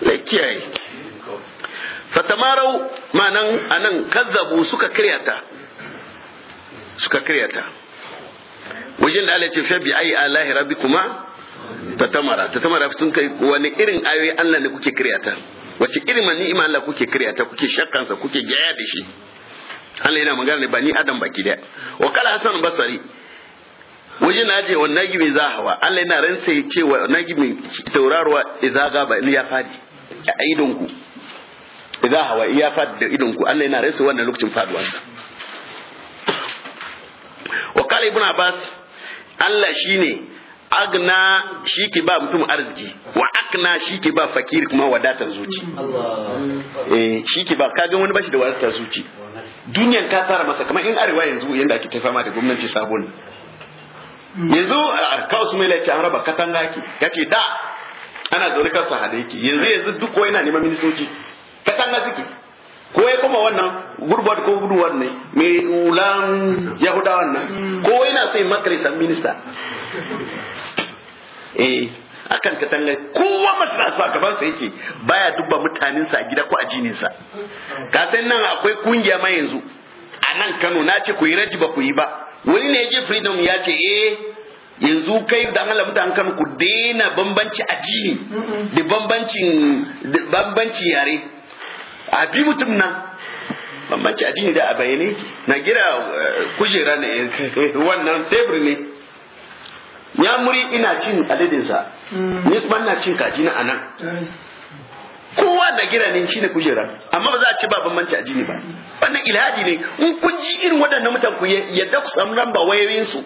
[SPEAKER 1] da kiyaye fatamarau ma'anan anan kazzabu suka kiryata suka kiryata wajen da Allah ya ce fa bi ai alahi rabbikuma tatamara tatamara sun kai wani irin ayoyi Allah ne kuke kiryata wace irin ni'ima Allah kuke ta kuke shakkansa kuke gaya da shi Allah yana magana ne ba ni adam baki daya wa kala hasan basari waje na je wannan gibi za hawa Allah yana ransa ya ce wannan gibi tauraruwa idza ba ya fadi a idon ku idza hawa ya fadi da idon ku Allah yana ransa wannan lokacin faduwarsa wa kala ibn abbas Allah shine agna shi ke ba mutum arziki wa akna shi ke ba fakir kuma wadatar zuci eh shi ke ba kaga wani bashi da wadatar zuci duniyan ta tsara masa kamar in arewa yanzu yanda ake tafi ma da gwamnati sabon yanzu kawo mai laice an raba katanga ke ya ce da ana zaune kansa hada yake yanzu yanzu duk ko yana neman ministoci katanga suke ko ya kuma wannan gurbat ko gudu wannan mai ulan yahuda wannan ko yana sai makarisa minista eh akan katanga
[SPEAKER 2] kowa masu a
[SPEAKER 1] gaban sa yake baya duba mutanen sa gida ko a jinin sa ka san nan akwai kungiya ma yanzu a nan Kano na ce ku yi raji ba ku yi ba wani ne yake freedom ya ce eh yanzu kai da Allah mutanen Kano ku daina bambanci a da bambancin bambanci yare a bi mutum nan bambanci a da a bayyane na gira eh, kujera ne (laughs) wannan tebur ne ya muri ina cin aladinsa hmm. ni kuma ina cin kaji na anan kowa na giranin ne kujera amma ba za a ci ba ban a jini ba wannan ilhaji ne in kun ji irin waɗannan mutan ku yadda ku samu ba wayoyin su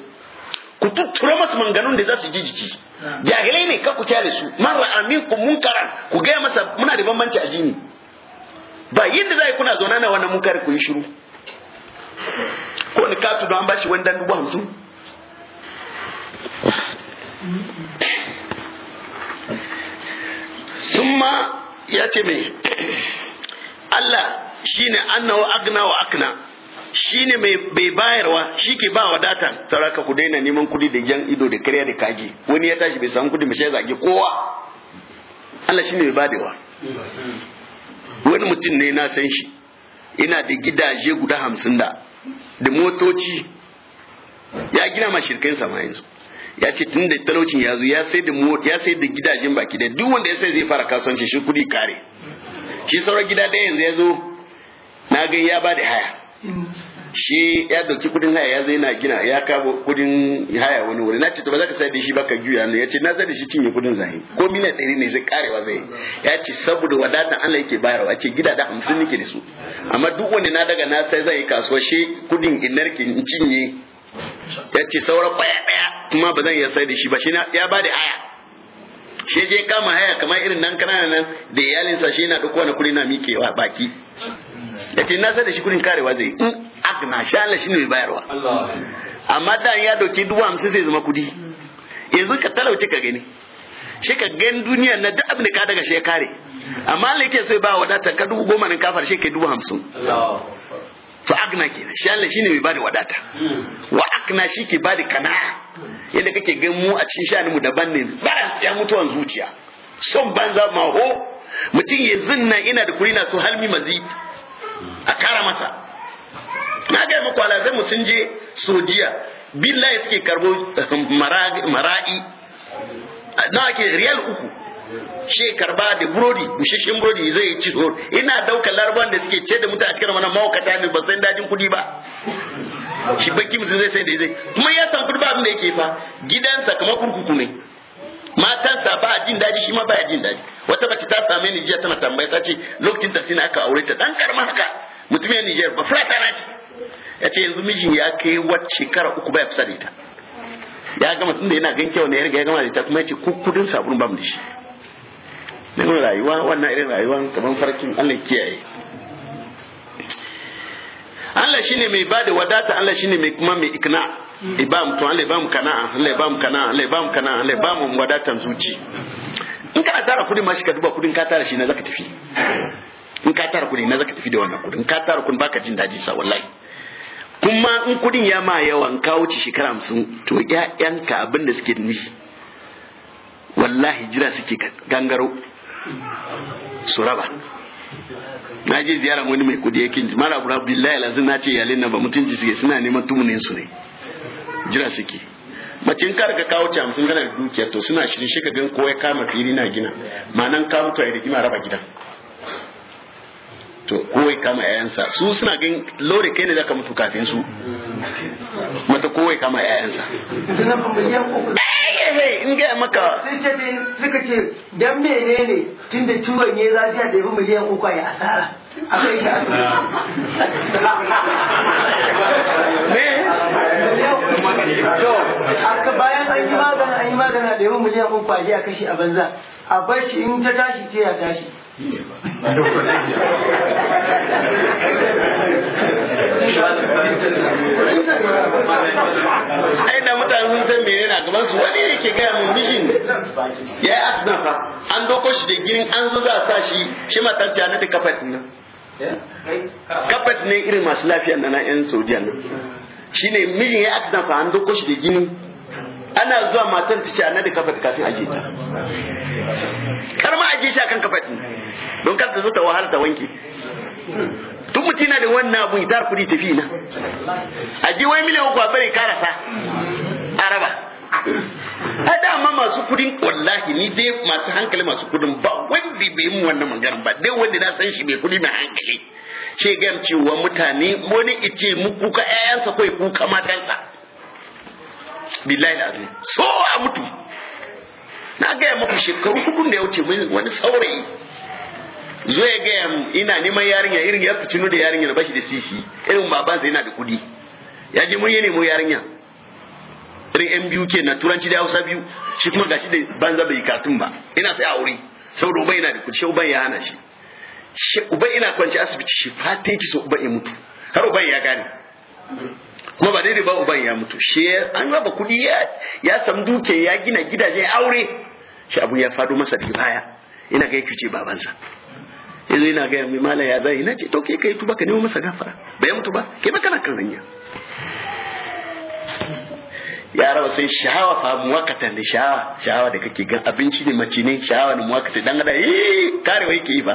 [SPEAKER 1] ku tuttura masu manganun da za su ji jiki hmm. jahilai ne ka ku kyale su man ra'amin ku munkaran ku gaya masa muna da banbanci a jini ba yadda za kuna zauna na wannan munkari ku yi shiru ko ni ka don an bashi wani dan dubu hamsin summa ya ce mai Allah shine wa agna wa akna shine mai bai bayarwa ke ba wadata saraka ku daina neman kudi da jan ido da kariya da kaji wani ya tashi bai samu kudi mai sai zage kowa Allah shine mai badewa wani mutum ne na san shi ina da gidaje guda hamsin da da motoci ya gina ma shirkin sama yanzu ya ce tun da talaucin ya zo ya sai da da gidajen baki da duk wanda ya sai zai fara kasuwanci shi kudi kare shi sauran gida ɗaya yanzu ya zo na ga ya ba da haya shi ya dauki kudin haya ya zai na gina ya kawo kudin haya wani wuri na ce to ba za ka sai da shi baka juya ne ya ce na zai da shi cinye kudin zai ko mina ɗari ne zai karewa zai ya ce saboda wadatan Allah yake bayarwa ya ce gida da hamsin nake da su amma duk wanda na daga na sai zai kasuwa shi kudin inarki in cinye ya ce saura kwaya daya kuma ba zan iya sai da shi ba shi ya ba da haya shi je kama haya kamar irin nan kanana nan da iyalinsa shi na duk wani kuri na wa baki ya ce na sai da shi kurin karewa zai in mm, agna shi Allah shi ne mai bayarwa amma da ya doki dubu hamsin sai zama kudi yanzu ka talauce ka gani shi ka gani duniya na duk abin da ka daga shi ya kare amma Allah yake sai ba wadatar ka dubu goma nan kafar shi ke dubu hamsin fa agna ke shi Allah shine mai bada wadata hmm. wa akna shi ke bada kana'a yadda kake gan mu a cikin sha'anin mu daban ne baran ya mutuwan zuciya son banza maho mutum yanzun nan ina da kurina su halmi mazi, a kara masa na ga muku alazan mu sun je sojiya billahi suke karbo eh, mara'i na ke riyal uku shi karba da burodi bushashin burodi zai ci so ina dauka larban da suke ce da mutu a cikin wannan mawakata ne ba san dajin kudi ba shi baki mutum zai sai da zai kuma ya san kudi ba abin da yake fa gidansa kamar kurkuku ne matansa ba a jin daji shi ma ba jin daji wata mace ta same ni jiya tana tambaya ta ce lokacin ta sina aka aure ta dan karma haka mutumin Niger ba fara ta shi ya ce yanzu mijin ya kai wata shekara uku ba ya kusa da ita ya gama tunda yana gan kyau ne ya riga ya gama da ita kuma ya ce ko kudin sabon ba mu da shi domin rayuwa wannan irin rayuwa kamar farkin Allah kiyaye Allah shine mai bada wadata Allah shine mai kuma mai ikna ibam to Allah ibam kana'a Allah ibam kana'a Allah ibam kana'a Allah ibam wadatan zuci in ka tara kudin ma shi ka duba kudin ka tara shi na zaka tafi in ka tara kudin na zaka tafi da wannan kudin ka tara kudin baka jin daji sa wallahi kuma in kudin ya ma yawa ka wuce shekara 50 to yanka abinda suke nishi wallahi jira suke gangaro su raba na ji ziyarar wani mai kudi yakin mara bura billahi lazim na ce yalin na ba mutunci suke suna neman tumunin su ne jira suke macin karka kawo ci hamsin gana da dukiya to suna shirin shi ka gan ko ya kama fili na gina ma nan ka mutu a rigima raba gidan to kowai kama yayansa su suna gan lori kai ne zaka mutu kafin su mata kowai kama yayansa eh, eh, in ga
[SPEAKER 2] maka sai ce suka ce dan menene tunda ciwon ya miliyan uku ya asara shi
[SPEAKER 3] ne bayan an yi magana an yi
[SPEAKER 2] magana da yawan miliyan uku a kashe a banza a bar shi in ta tashi ce ya tashi shi ai da mutane
[SPEAKER 1] sun san mene na gaban su wani yake gaya mu mishin ya yi asnafa an doko shi da girin an zo za a sa shi shi matar cana da kafet nan kafet ne irin masu lafiya na na yan saudiya nan ne mijin ya asnafa an doko shi da gini ana zuwa matan ta ce da kafa kafin aje ta kar ma aje shi akan kafat don kar ta zo ta wahala ta wanke tun mutum na da wannan abun ya kudi tafi na aje wai miliyan uku a bari karasa araba a amma masu kudin wallahi ni dai masu hankali masu kudin ba wanda bai mu wannan magana ba dai wanda na san shi bai kudi mai hankali ce gam cewa mutane wani ice muku ka ƴaƴansa kai kuka matansa billahi azumi so a mutu na gaya muku shekaru hudu da ya wuce wani saurayi zo ya gaya ina neman yarinya irin ya fitino da yarinya na bashi da sisi irin babansa yana da kudi ya je mun yi nemo yarinya irin yan biyu ke na turanci da hausa biyu shi kuma gashi da banza bai katun ba ina sai a wuri saboda uban yana da kudi shi uban ya hana shi uban ina kwanci asibiti shi fatan ki so uban ya mutu har uban ya gane kuma ba dai ba uban ya mutu shi an raba kudi ya samu duke ya gina gidaje aure shi abu ya fado masa da baya ina ga yake ce babansa yanzu ina ga mai mala ya zai ina ce to kai kai tuba ka nemo masa gafara bai mutu ba kai ba kana kan hanya yara sai sha'awa fa muwakatan da sha'awa sha'awa da kake gan abinci ne mace ne sha'awa ne muwakata dan gada eh wai yake yi ba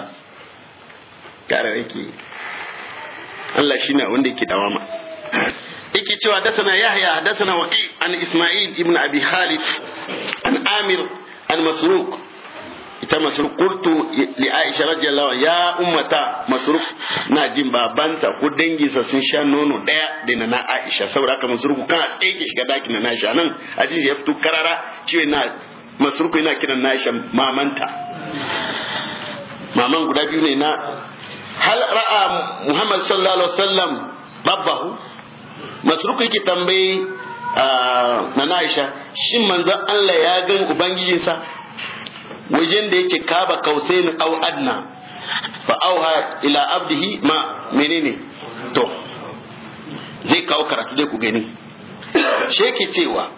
[SPEAKER 1] wai yake yi Allah shi ne wanda yake dawama yake cewa dasana yahya dasana waqi an isma'il ibn abi khalid an amir an masruq ita masruq qultu li aisha radiyallahu ya ummata masruq na jin babanta ko danginsa sun sha nono daya da na aisha saboda haka masruq kan tsike shiga dakin na aisha nan a ya fito karara cewa na masruq yana kiran na aisha mamanta maman guda biyu ne na hal ra'a muhammad sallallahu alaihi wasallam babahu. masruku yake tambaye na Aisha shin manzon Allah ya gan ubangijinsa wajen da yake kaba kausain au adna fa auha ila abdihi ma menene to zai kawo karatu dai ku gani sheke cewa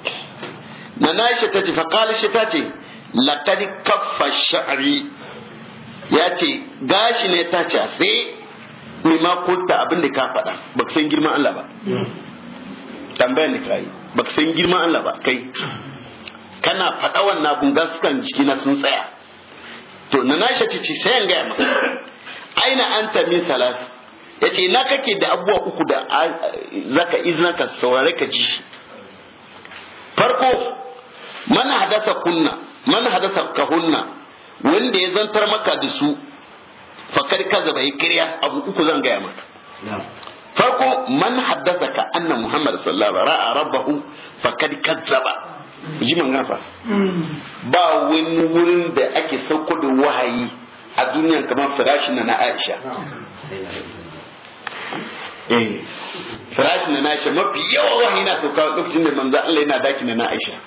[SPEAKER 1] na Aisha ta ce fa shi ta ce laqad kaffa sha'ri ya ce gashi ne ta ce sai sai ma kulta abin da ka faɗa ba san girman Allah ba tambayar ne ka yi ba san girman Allah ba kai kana faɗa wannan abun gaskan na sun tsaya to na nasha ce ce sai gaya maka aina anta min salas yace na kake da abubuwa uku da zaka iznaka saurare ka ji farko man hadatha kunna man hadatha kahunna wanda ya zantar maka da su fakar kaza bai kirya abu uku zan gaya maka farko man ka annan muhammad sallallahu alaihi ra'a rabbahu fakad kazzaba ji man gafa mm. ba wani wurin da ake sauko da wahayi a duniya kamar firashin na Aisha eh, Farashin firashin na Aisha mafi yawa wahayi na sauka lokacin da manzo Allah yana daki na Aisha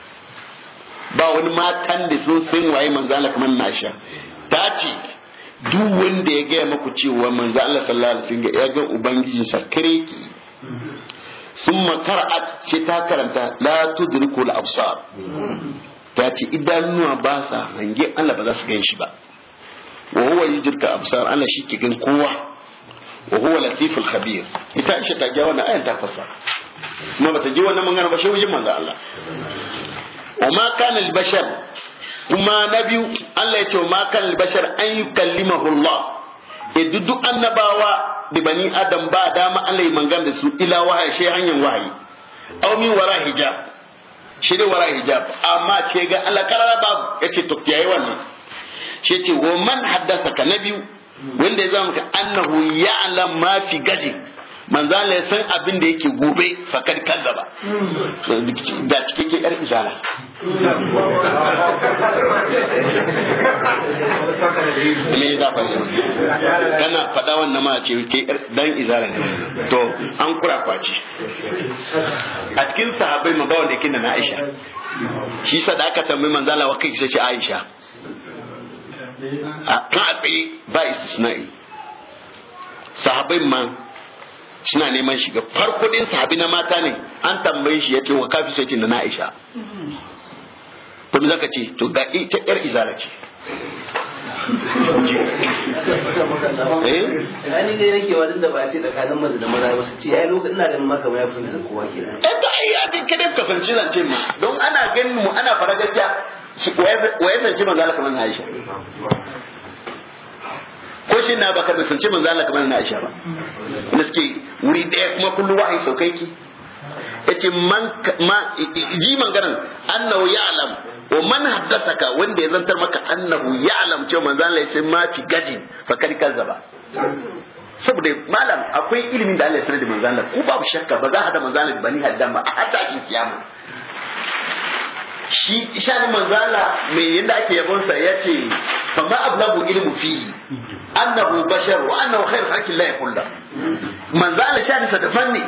[SPEAKER 1] ba wani matan da sun san waye manzo Allah kamar na Aisha ta ce duk wanda ya gaya maku cewa manzo Allah sallallahu alaihi wasallam ya ga ubangijinsa kireki summa qara'at ce ta karanta la tudriku al-absar ta ce idanuwa ba sa hange Allah ba za su gan shi ba wa huwa yujirka absar Allah shi ke gan kowa wa huwa latif al-khabir ita ce ta ga wannan ayan ta fasa kuma ta ji wannan magana ba shi wajen manzo Allah wa ma kana al-bashar kuma na biyu Allah ya ce ma kan bashar an yi kallimahu Allah e annabawa da bani adam ba dama Allah ya mangana da su ila wahayi shi hanyar wahayi aw min wara hijab shi ne wara hijab amma ce ga Allah karara babu yace to kiyaye wannan shi ce wa man ka na biyu wanda ya zama ka annahu ya'lam ma fi gaji manzo Allah ya san abin da yake gobe fakar kazzaba da cikakken yar izala me kana fada wannan ma ce ke dan izala ne to an kura kwace a cikin sahabbai ma ba wanda yake na Aisha shi sadaka tambayi manzo Allah wa kai ce Aisha a kan a tsaye ba istisna'i sahabbai ma suna neman shiga din sahabi na mata ne an tambaye shi yace wa kafi sai na Aisha to me zaka ce to ga ita yar izala ce (laughs) eh
[SPEAKER 2] rani ne nake wa da ba ce tsakanin maza da maza ba su ce yayi lokacin ina ganin maka ya fita da kowa kenan
[SPEAKER 1] eh to ai ya kada ka fanci zance mu don ana ganin mu ana fara gaskiya wayar zance manzo Allah kamar Aisha ko shi na baka bai sunce manzo Allah kamar na Aisha ba wanda suke wuri daya kuma kullu wahayi saukai ki yace man ma ji mangaran annahu ya'lam wa man haddathaka wanda ya zantar maka annahu ya'lam cewa manzo Allah yace ma fi gajin fa kar kazzaba saboda malam akwai ilimin da Allah ya da manzo Allah ko babu shakka ba za a hada manzo Allah bani haddan ba a hada kiyama shi shani manzala mai yadda ake yabonsa ya ce fama ablagu ilmu fihi annahu bashar wa annahu khairu halkin la yakulla manzala shani sa daban ne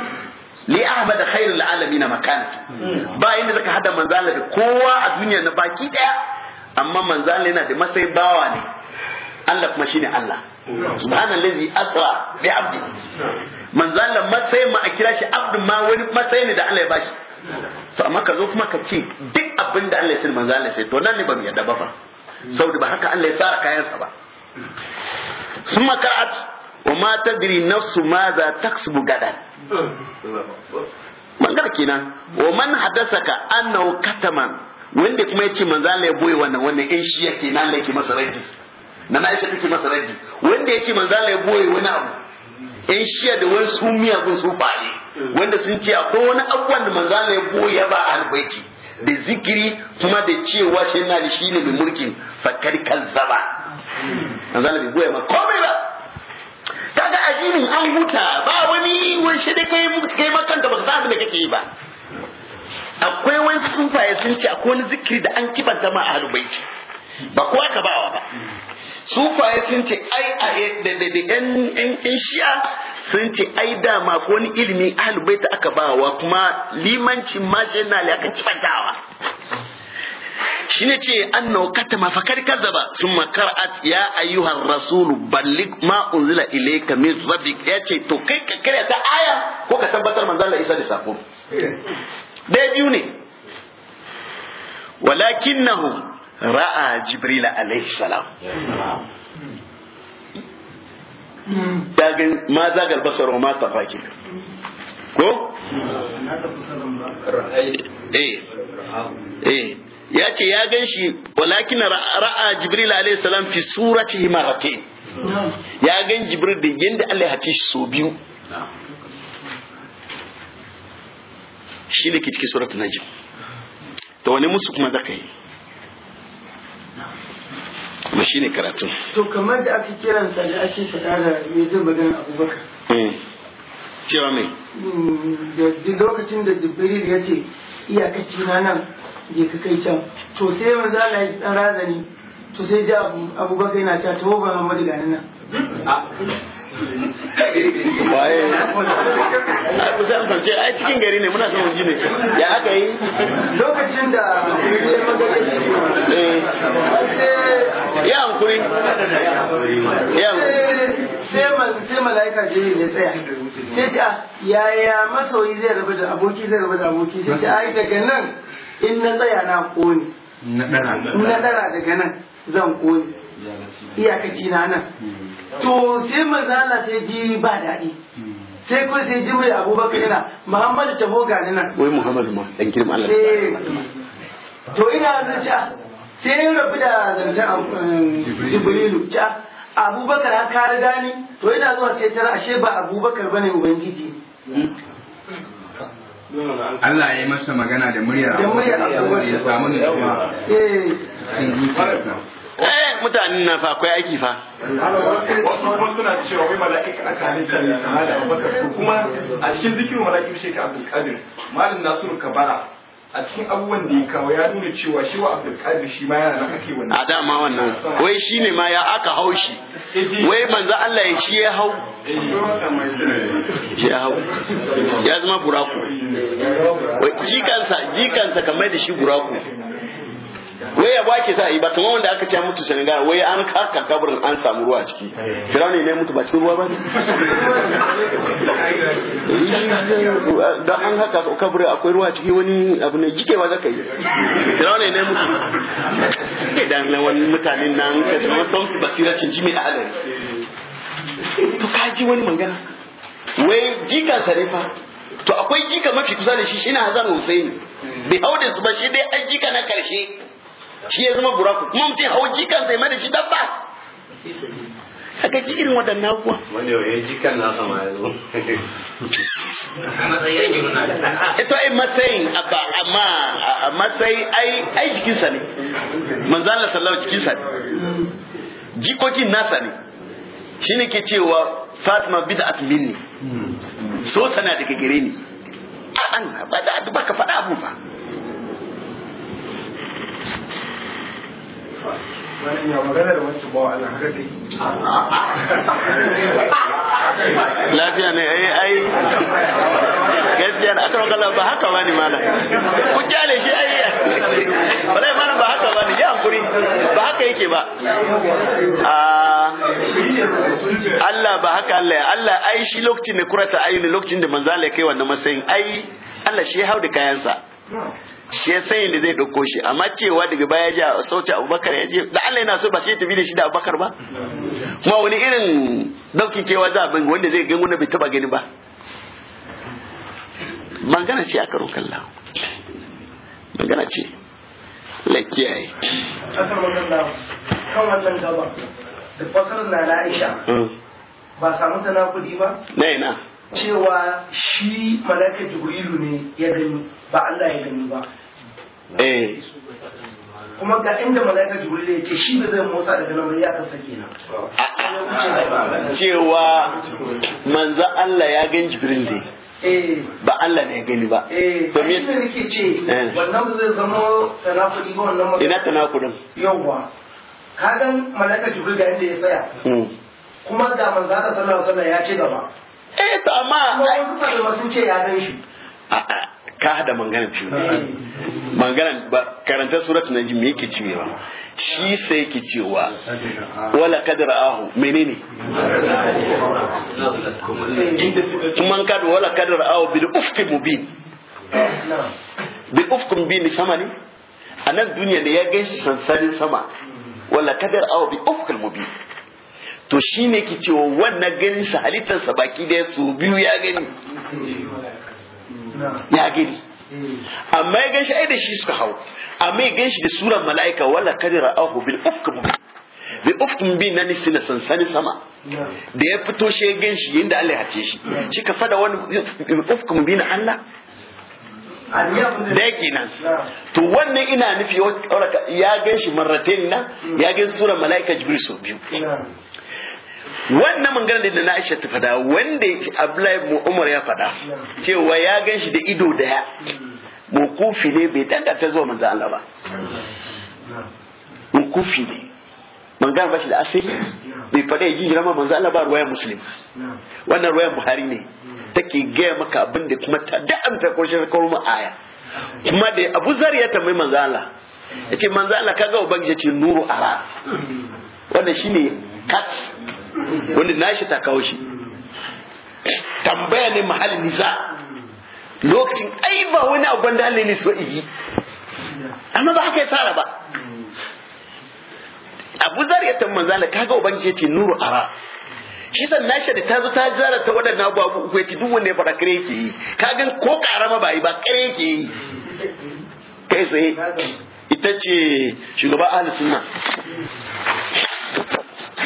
[SPEAKER 1] li ahmad khairul alamin makanat ba inda zaka hada manzala da kowa a duniya na baki daya amma manzala yana da matsayin bawa ne Allah kuma shine Allah subhanallazi asra bi abdi manzala matsayin ma a kira shi abdu ma wani matsayi ne da Allah ya bashi to amma ka zo kuma ka ce duk abin da Allah ya sani manzo Allah sai to nan ne ba mu yarda ba fa saboda ba haka Allah ya tsara sa ba summa qara'at wa ma tadri nafsu ma za taksubu gadan mangana kenan wa man hadasaka annahu kataman wanda kuma yace manzo Allah ya boye wannan wannan in shi yake nan Allah yake masa raji na na Aisha take masa raji wanda yace manzo Allah ya boye wani abu yan shiya da wani su miyagun tsufaye wanda sun ce akwai wani abubuwan da manzo ya goya ba albaiti da zikiri kuma da cewa shi na da shine mai mulkin fakar kazzaba manzo da bai goya ma komai ba kaga ajinin an huta ba wani wani shi da kai kai makanta da ka abin da kake yi ba akwai wani sufaye sun ce akwai wani zikiri da an kibanta ma ahlul baiti ba kowa ka bawa ba sufaye sun ce ai a eh, da yan shi'a sun ce ai ma ko wani ilimi ta aka bawa kuma limancin mashinali aka kibantawa shi ne ce an naukata mafakar ba sun makar'at ya ayyuhan rasulu ballik ma unzila ilayka min rabbik ya ce to kai ka karya ta aya ko ka tabbatar manzo Allah isa da sako eh. dai biyu ne walakinnahum ra'a jibril alaihi salam dagin ma za galbasar ma ta faki ko eh, eh ya ce ya gan shi walakin ra'a jibril alaihi salam fi surati himarati ya gan jibril da yanda Allah ya ce so biyu shi ne ke cikin suratul najm to wani musu kuma zaka yi shi ne karatun
[SPEAKER 2] to kamar da aka kiran da ake faɗa da mai zai magana abubakar
[SPEAKER 1] eh. cewa mai
[SPEAKER 2] mm, da lokacin da jibril ya ce iyakaci nan je ka kai can to sai manzo Allah ya dan razani to sai ji abubakar yana ta tawo ba hamadu ga nan
[SPEAKER 1] waye kusan kwance ai cikin gari ne muna son ji ne ya
[SPEAKER 2] aka yi lokacin da eh. ya hankuri ya sai mala'ika jiri ne tsaya sai ce ah, yaya masoyi zai rabu da aboki zai rabu da aboki sai ce ai daga nan in na tsaya na kone
[SPEAKER 3] na dara
[SPEAKER 2] daga nan zan koyi iyakaci na nan to sai manzala sai ji ba daɗi sai kuma sai ji mai abubakar yana muhammadu taho gani nan wai
[SPEAKER 1] muhammadu ma ɗan girma allah
[SPEAKER 2] eh. to ina zaca sai ya rabu da zancen eh, jibrilu ca abubakar ya kare gani to ina zuwa sai tara ashe ba abubakar bane ubangiji
[SPEAKER 1] Allah ya yi masa magana da muryar Allah ya samu nutsuwa cikin zuciyarsa eh mutanen nan fa akwai aiki fa
[SPEAKER 2] wasu kuma suna cewa wai mala'ika aka halitta ne kamar da abubakar kuma a cikin zikirin mala'ika shi ka abdul kadir
[SPEAKER 1] malin nasiru kabara a cikin abubuwan da ya kawo ya nuna cewa shi wa Abdulkadir shi ma yana da ake wannan a dama wannan wai shine ma ya aka hau shi wai manzo Allah ya shi ya hau ya hau ya zama buraku jikansa jikansa kamar da shi buraku wai ya baki sa yi ba kamar wanda aka ce mutu sanin gara wai an kaka kabarin an samu ruwa ciki Firawun ne mutu ba cikin ruwa ba ne da an haka kabarin akwai ruwa ciki wani abu ne jike ba zaka yi Firawun ne mutu dan wani mutanen nan ka san don su basira cin jimi a adari to kaji wani magana wai jika tarifa to akwai jika mafi kusa da shi shine Hazan Hussein bai aure su ba shi dai an jika na karshe shi ya zama buraku kuma ce hau jikan sai mai da shi dabba haka ji irin waɗannan abubuwa yau ya eh, jikan na sama ya zo ito ai eh, matsayin abba amma a matsayi ai jikinsa ne manzan Allah sallallahu jikinsa ne jikokin nasa ne shine ke cewa Fatima bid'at minni hmm. so tana daga gare ni an ba da ba ka faɗa abu ba lafiya ne ai ai gaskiya da aka magana ba haka bane mana ku kyale shi ai wallahi mana ba haka ba bane ya hankuri ba haka yake ba ah, Allah ba haka Allah Allah ai shi lokacin da kurata ayyuna lokacin da manzala kai wannan matsayin ai Allah shi ya hau da kayansa shi ya sani da zai ɗauko shi amma cewa daga baya ja sauci abubakar ya je da Allah yana so ba shi ya tafi da shi da abubakar ba kuma wani irin daukin kewa za abin wanda zai gan wani bai taba gani ba magana ce aka roƙon Allah magana ce lakiyaye kan
[SPEAKER 2] wannan gaba da fasarar na Aisha hmm. ba samu ta nakudi ba na ina cewa shi malaka jibrilu ne ya gani ba Allah ya gani ba eh kuma ga inda malaka jibrilu ya ce shi ba zai motsa daga nan ba ya sake kenan
[SPEAKER 1] cewa manzo Allah ya gani jibril ne eh. ba Allah ne ya gani ba eh.
[SPEAKER 2] to me nake ce eh. wannan zai zama tanakudi ba wannan ina tanakudin yawa kagan malaka jibril ga inda ya tsaya hmm. kuma ga manzo Allah sallallahu alaihi wasallam ya ce gaba eh to amma
[SPEAKER 1] ka hada maganar biyu ba karanta surat na me yake cewa shi sai yake cewa wala kadar ahu menene kuma kad wala kadar ahu bil ufki mubin bil ufki mubin sama ne a nan duniya ne ya gaishe sansanin sama wala kadar ahu bil ufki mubin to shi ne ki ce wannan ganin sa halittarsa baki da su biyu ya gani ya gani amma ya ganshi ai da shi suka hau amma ya ganshi da suran mala'ika wala kadira ahu bil ufkum bi ufkum bi nan sila sansani sama da ya fito shi ya ganshi yinda Allah ya hace shi shi ka fada wani ufkum bi na Allah da yake nan to wannan ina nufi ya gan shi marratain nan ya gan sura mala'ika jibril sau biyu wannan magana da na Aisha ta fada wanda Abdullahi mu Umar ya fada cewa ya ganshi da ido daya mukufi ne bai ta zuwa manzo Allah ba mukufi ne magana ba shi da asali bai fada ji girma manzo Allah ba ruwaya muslim wannan ruwaya Buhari ne take gaya maka abin da kuma ta da'amta kurshen kuma aya kuma da Abu Zar ya tambayi manzo Allah yace manzo Allah kaga ubangiji ce nuru ara wannan shine kat wanda shi ta kawo shi tambaya ne mahal nisa lokacin ai ba wani abu da Allah ne so yi amma ba haka ya tsara ba Abu Zar ya tamman zala kaga ubangiji ce nuru ara shi san nashi da ta zo ta zara ta wadannan abu abu uku yace duk wanda ya fara kare yake yi kaga ko karama ba yi ba kare yake yi kai sai ita ce shugaba ahli sunna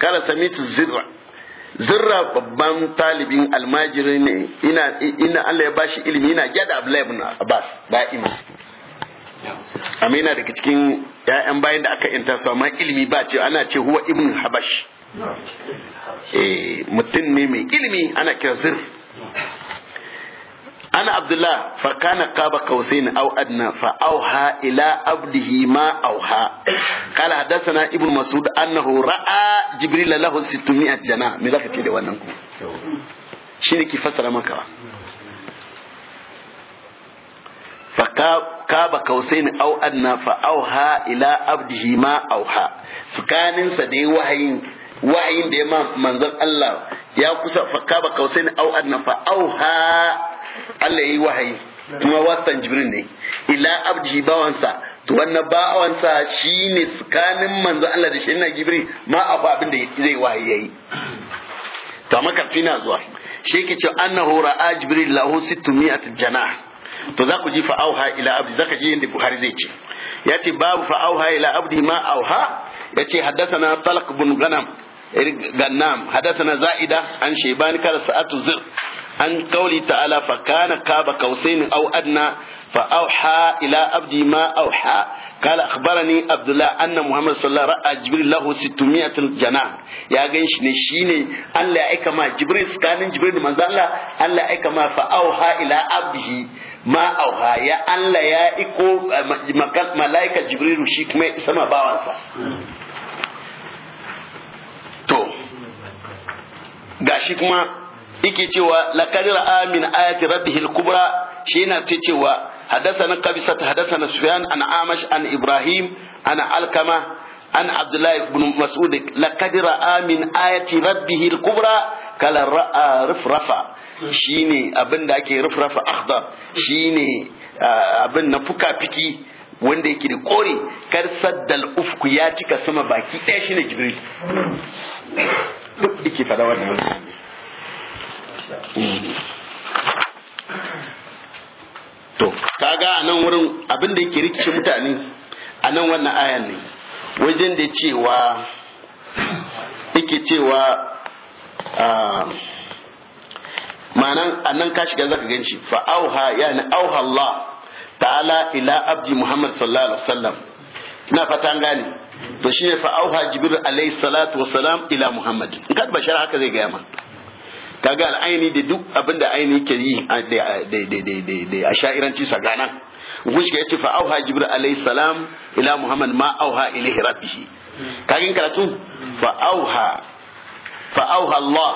[SPEAKER 1] kala samitu zirra zirra babban talibin almajiri ne ina ina Allah ya bashi ilimi ina gyada Abdullahi ibn Abbas da'ima Amina daga cikin ƴaƴan bayan da aka yanta su amma ilimi ba ce ana ce huwa ibn Habash eh mutum ne mai ilimi ana kira zirra ana abdullah fa kana qaba qausain aw adna fa ila abdihi ma auha qala hadathana ibnu mas'ud annahu ra'a jibril lahu 600 jana me zaka ce da wannan ku shine ki maka fa qaba qausain aw adna fa auha ila abdihi ma auha tsakanin sa dai da ya manzon Allah ya kusa fa qaba Allah ya yi wahayi kuma watan jibrin ne ila abdi bawansa to wannan bawansa shine tsakanin manzo Allah da shi na jibrin ma abu abin da zai wahayi yayi to amma karfi na zuwa shi yake cewa annahu ra'a jibril lahu 600 janah to za ku ji fa auha ila abdi zaka ji inda buhari zai ce ya ce babu fa auha ila abdi ma auha ya ce haddathana talq bin ganam gannam hadathana zaida an shaybani kala sa'atu zir an qawli ta'ala fa kana kaba kausain aw adna fa awha ila abdi ma awha kala akhbarani abdullah anna muhammad sallallahu alaihi wasallam jibril lahu 600 ya gan shi ne shine Allah ya aika ma jibril tsakanin jibril da manzo Allah Allah ya aika ma fa awha ila ma ya Allah ya iko malaika jibril gashi kuma yake cewa laqad ra'a min ayati rabbihil kubra shi yana ce cewa hadathana qabisat hadathana sufyan an amash an ibrahim an alkama an abdullahi ibn mas'ud laqad ra'a min ayati rabbihil kubra kala ra'a rifrafa shine abin ake rifrafa akhdar shine ah, abin na fuka-fiki wanda yake da kore kar dal ufku ya cika sama baki ɗaya shine jibril duk da ke fada wannan to kaga a nan wurin abin da yake rikice mutane a nan wannan ayan ne wajen da cewa yake cewa ma'anan annan ka shiga zaka ganshi fa auha yani auha Allah ta'ala ila abdi Muhammad sallallahu alaihi wasallam na fatan gane to shine fa auha jibril alayhi salatu wassalam ila muhammad in ka bashar haka zai gaya ma kaga al'aini da duk abin da aini ke yi da a sha'iranci sagana gushi ya fa auha jibril alayhi salam ila muhammad ma auha ilaihi rabbihi kagin karatu fa auha fa auha allah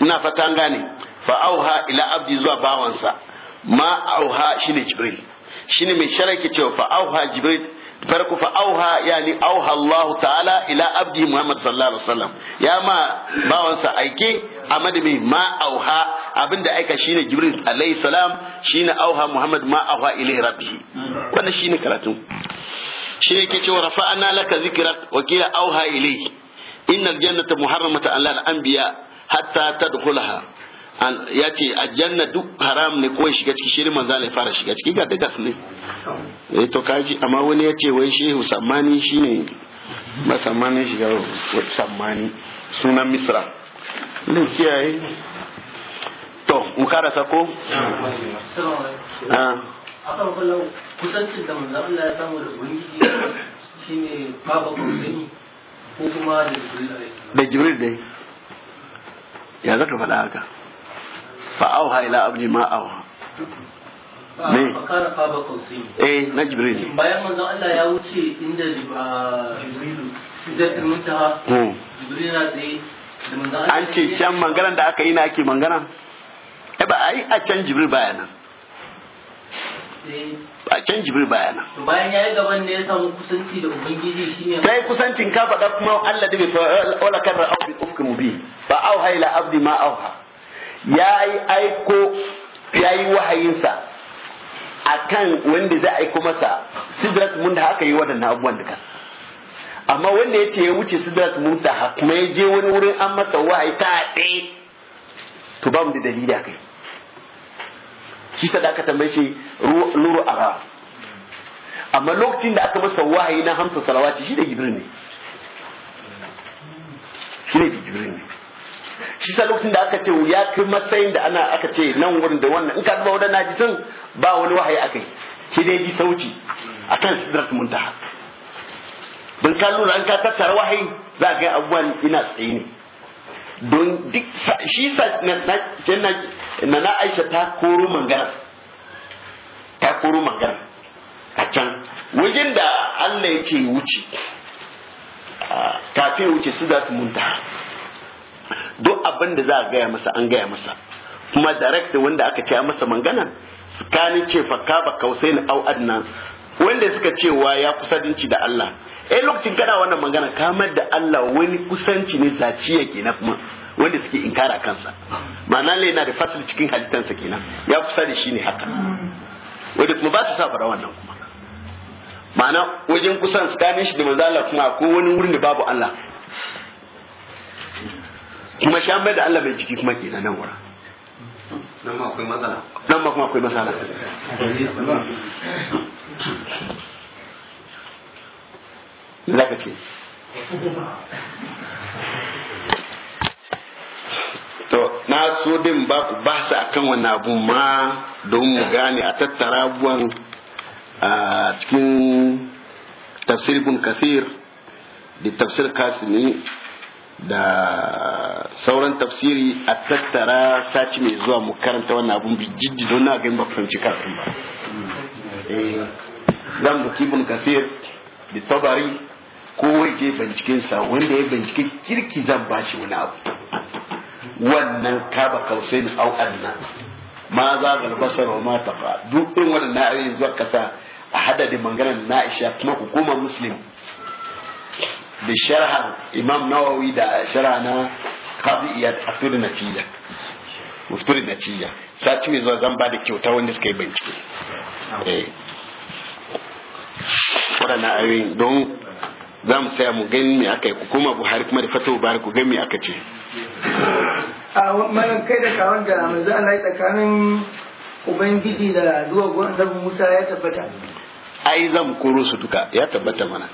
[SPEAKER 1] ina fatan gane fa auha ila abdi zuwa bawansa ma auha shine jibril shine mai sharaki cewa fa auha jibril farko fa auha yani auha Allah ta'ala ila abdi Muhammad sallallahu alaihi wasallam ya ma bawansa aike a mai ma auha abinda aika shine Jibril alaihi salam shine auha Muhammad ma auha ilaihi rabbi wannan shine karatu shi yake cewa rafa'ana laka zikrak wa kila auha ilaihi innal jannata muharramata alal anbiya hatta tadkhulaha ya ce aljanna duk haram ne ko shiga ciki shirin manzo Allah ya fara shiga ciki ga dagas ne eh to kaji amma wani ya ce wai shehu sammani shine ba sammani shiga sammani sunan misra ne kiyaye to mu kara sako a
[SPEAKER 2] akan kullum
[SPEAKER 1] da jibril dai ya zaka faɗa haka fa auha ila abdi ma auha me eh na jibril
[SPEAKER 2] bayan an ce can
[SPEAKER 1] manganan da aka yi na ake mangana eh ba ai a can jibril baya nan eh. a can jibril baya nan bayan
[SPEAKER 2] yayi gaban ne ya samu kusanci da ubangiji shine
[SPEAKER 1] kai kusancin ka faɗa kuma Allah da bai wala karra au bi ufkum bi ba auha ila abdi ma auha ya yi aiko ya yi wahayinsa a kan wanda za a aiko masa sidrat mun da aka yi waɗannan abubuwan duka amma wanda ya ce ya wuce sidrat mun da kuma ya je wani wurin an masa wahayi ta haɗe to ba mu da dalili a kai shi sa da aka tambaye shi a ara amma lokacin da aka masa wahayi na hamsa salawaci shi da gibril ne shi ne gibril ne shi sa lokacin da aka ce ya kai matsayin da ana aka ce nan wurin da wannan in ka duba wadannan hadisin ba wani wahayi aka yi shi dai ji sauti akan sidrat muntaha don ka lura an ka tattara wahayi za ga abubuwa ina tsaye ne don duk shi sa na na Aisha ta koro mangana ta koro mangana a can wajen da Allah ya ce wuce kafin wuce sidrat muntaha duk abin da za a gaya masa an gaya masa kuma direct wanda aka ce masa mangana tsakanin ce fakka ba kausai na au adnan wanda suka ce wa ya kusanci da Allah eh lokacin kana wannan magana kamar da Allah wani kusanci ne yake na kuma wanda suke inkara kansa ma'ana ne yana da fasil cikin halittansa kenan ya kusa da shi ne haka wanda kuma ba su sa fara wannan kuma ma'ana wajen kusan tsakanin shi da manzo Allah kuma ko wani wurin da babu Allah kuma sha mai da Allah mai jiki kuma ke nan wura nan ma nan ma kuma akwai matsala ce to na so din ba ku ba su akan wani abu ma don mu gane a tattara abubuwan a cikin tafsir bin kafir da tafsir kasimi da sauran tafsiri a tattara sati mai zuwa mu karanta wannan abun bi jiddi don na gani ba fahimci ba zan eh, buki bin kasir da tabari ko je binciken sa wanda ya bincike kirki zan bashi wani abu wannan kaba kausain au adna ma za ga albasar wa ma taqa duk din wannan na zuwa kasa a hadadin da maganar na Aisha kuma hukumar muslim da sharhan imam nawawi da sharhana tabi'iyat afir natija muftir natija sati mai zuwa zan ba da kyauta wanda suka yi bincike eh waɗannan don za mu saya mu gani me aka yi ku koma buhari kuma da fatawa buhari ku gani me aka ce
[SPEAKER 2] a malam kai da kawon da manzo Allah ya tsakanin ubangiji da zuwa gwamnatin Musa ya tabbata
[SPEAKER 1] ai zan koro su duka ya tabbata mana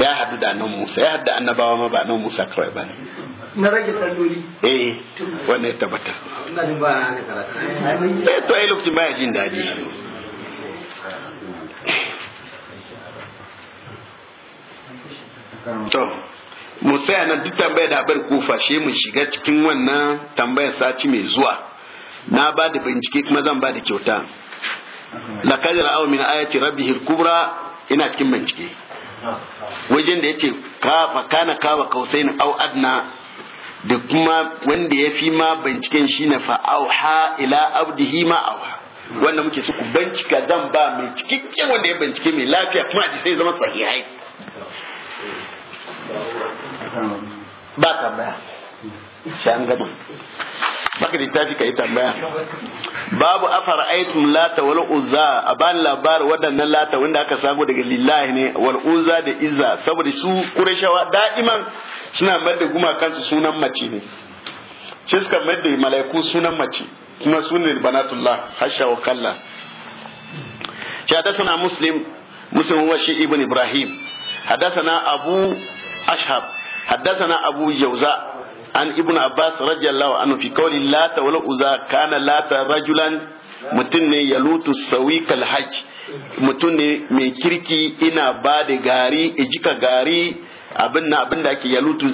[SPEAKER 1] ya hadu da annabi Musa ya hadu da annabawa ma ba annabi Musa kawai ba ne
[SPEAKER 2] na rage salloli
[SPEAKER 1] eh wannan ya tabbata
[SPEAKER 2] eh to ai lokacin baya jin daji.
[SPEAKER 1] to Musa yana duk tambaya da abar kufa shi mu shiga cikin wannan tambayar sati mai zuwa na ba da bincike kuma zan ba da kyauta lakajar awa min ayati rabbihil kubra ina cikin bincike wajen da yace ka fa kana kawa kausain au adna da kuma wanda ya fi ma binciken shi na fa'au ha ila abdihi ma auha wanda muke su ku bincika zan ba mai cikakken wanda ya bincike mai lafiya kuma a sai zama sahihai ba tambaya shan baka littafi ka yi tambaya babu afara aitum lata wal uzza a bani labarin waɗannan lata wanda aka samu daga lillahi ne wal uzza da izza saboda su kurashawa da'iman suna mai da gumakansu sunan mace ne shi suka mai da mala'iku sunan mace kuma sunan banatullah hasha wa kalla shi hadasana muslim muslim wa shi ibn ibrahim hadasana abu ashab hadasana abu yauza an ibnu abbas radiyallahu anhu fi qawli lata wal uza kana lata rajulan mutum ne ya lutu sawi kal mutum ne mai kirki ina ba da gari ejika gari abin na ake ya lutu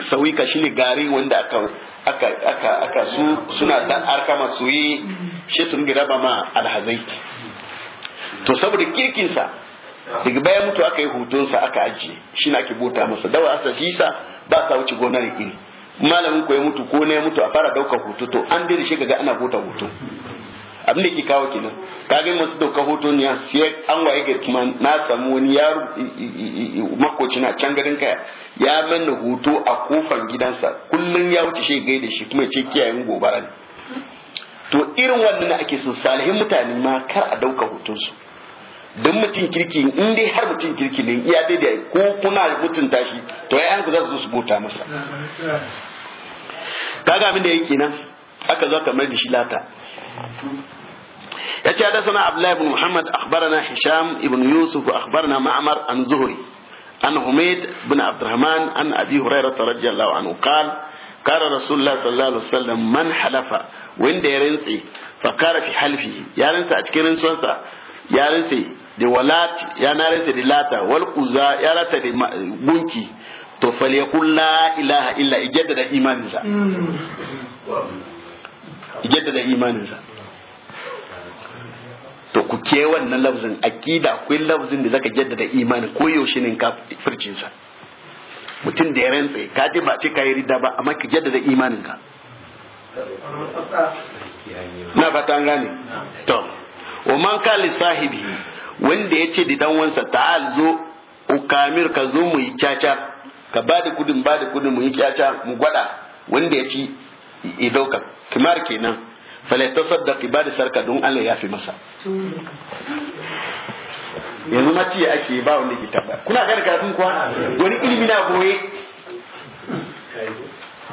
[SPEAKER 1] sawi shine gari wanda aka aka aka aka su suna dan arka masu yi shi sun gira ba ma alhazai to saboda kirkinsa daga bayan mutu aka yi hutunsa aka ajiye shi na ake bota masa dawa asa shi sa ba ka wuce gonar iri malamin ku ya mutu ko ne ya mutu a fara dauka hoto to an dai shi kaga ana gota hoto abin da ke kawo kenan kage masu dauka hoto ne sai an waye ga kuma na samu wani yaro makoci na can garin kaya ya manna hoto a kofar gidansa kullun ya wuce shi da shi kuma ya ce kiyayen gobara ne to irin wannan ake son salihin mutane ma kar a dauka su don mutum kirki in dai har mutum kirki ne iya daidai ko kuna mutunta shi to ya ku za su zo su bota masa kaga abin da yake nan aka zo kamar da shi lata yace hadathana Abdullahi ibn muhammad akhbarana hisham ibn yusuf akhbarana ma'mar an zuhri an humayd ibn abdurrahman an abi hurairah radiyallahu anhu qala قال رسول الله صلى الله عليه وسلم من حلف وين ده يرنسي فقال في حلفه يا رنسي a cikin rantsuwarsa ya rantsi di walat ya na di lata wal quza ya rata da gunki to falyakul la ilaha illa ijaddada imaninsa ijaddada imaninsa to ku ke wannan lafzin akida akwai lafzin da zaka jaddada imani ko yaushe ne ka furcin sa mutum da ya rantsa ka ji ba ce ka yi rida ba amma ka jaddada imanin ka na fata an gane to wa man ka li sahibi wanda ya ce da dan wansa ta'al zo ukamir ka zo mu yi caca ka ba da gudun ba da gudun mu yi kyaca mu gwada wanda ya ci ya kimar kenan falaita saddaki ba da sarka don Allah ya fi masa yanzu maci ake ba wanda ke taba kuna gane karatun kuwa wani ilimi na goye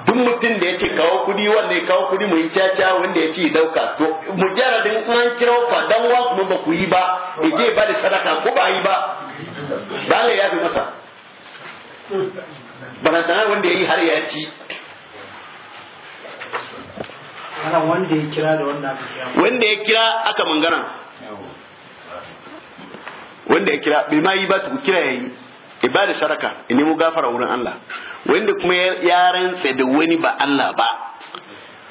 [SPEAKER 1] duk mutum da ya ce kawo kudi wanda ya kawo kudi mu yi caca wanda ya ce dauka to mujaradin an kiro ka dan wasu ba ku yi ba ije je ba da sadaka ko ba yi ba ba Allah ya fi masa barantana wanda ya yi har ya ci
[SPEAKER 2] wanda ya kira da wanda aka kira wanda
[SPEAKER 1] ya kira aka mangaran wanda ya kira bai ma yi ba ku kira yayi ya ba da sharaka ya nemo gafara wurin Allah wanda kuma ya rantsa da wani ba Allah ba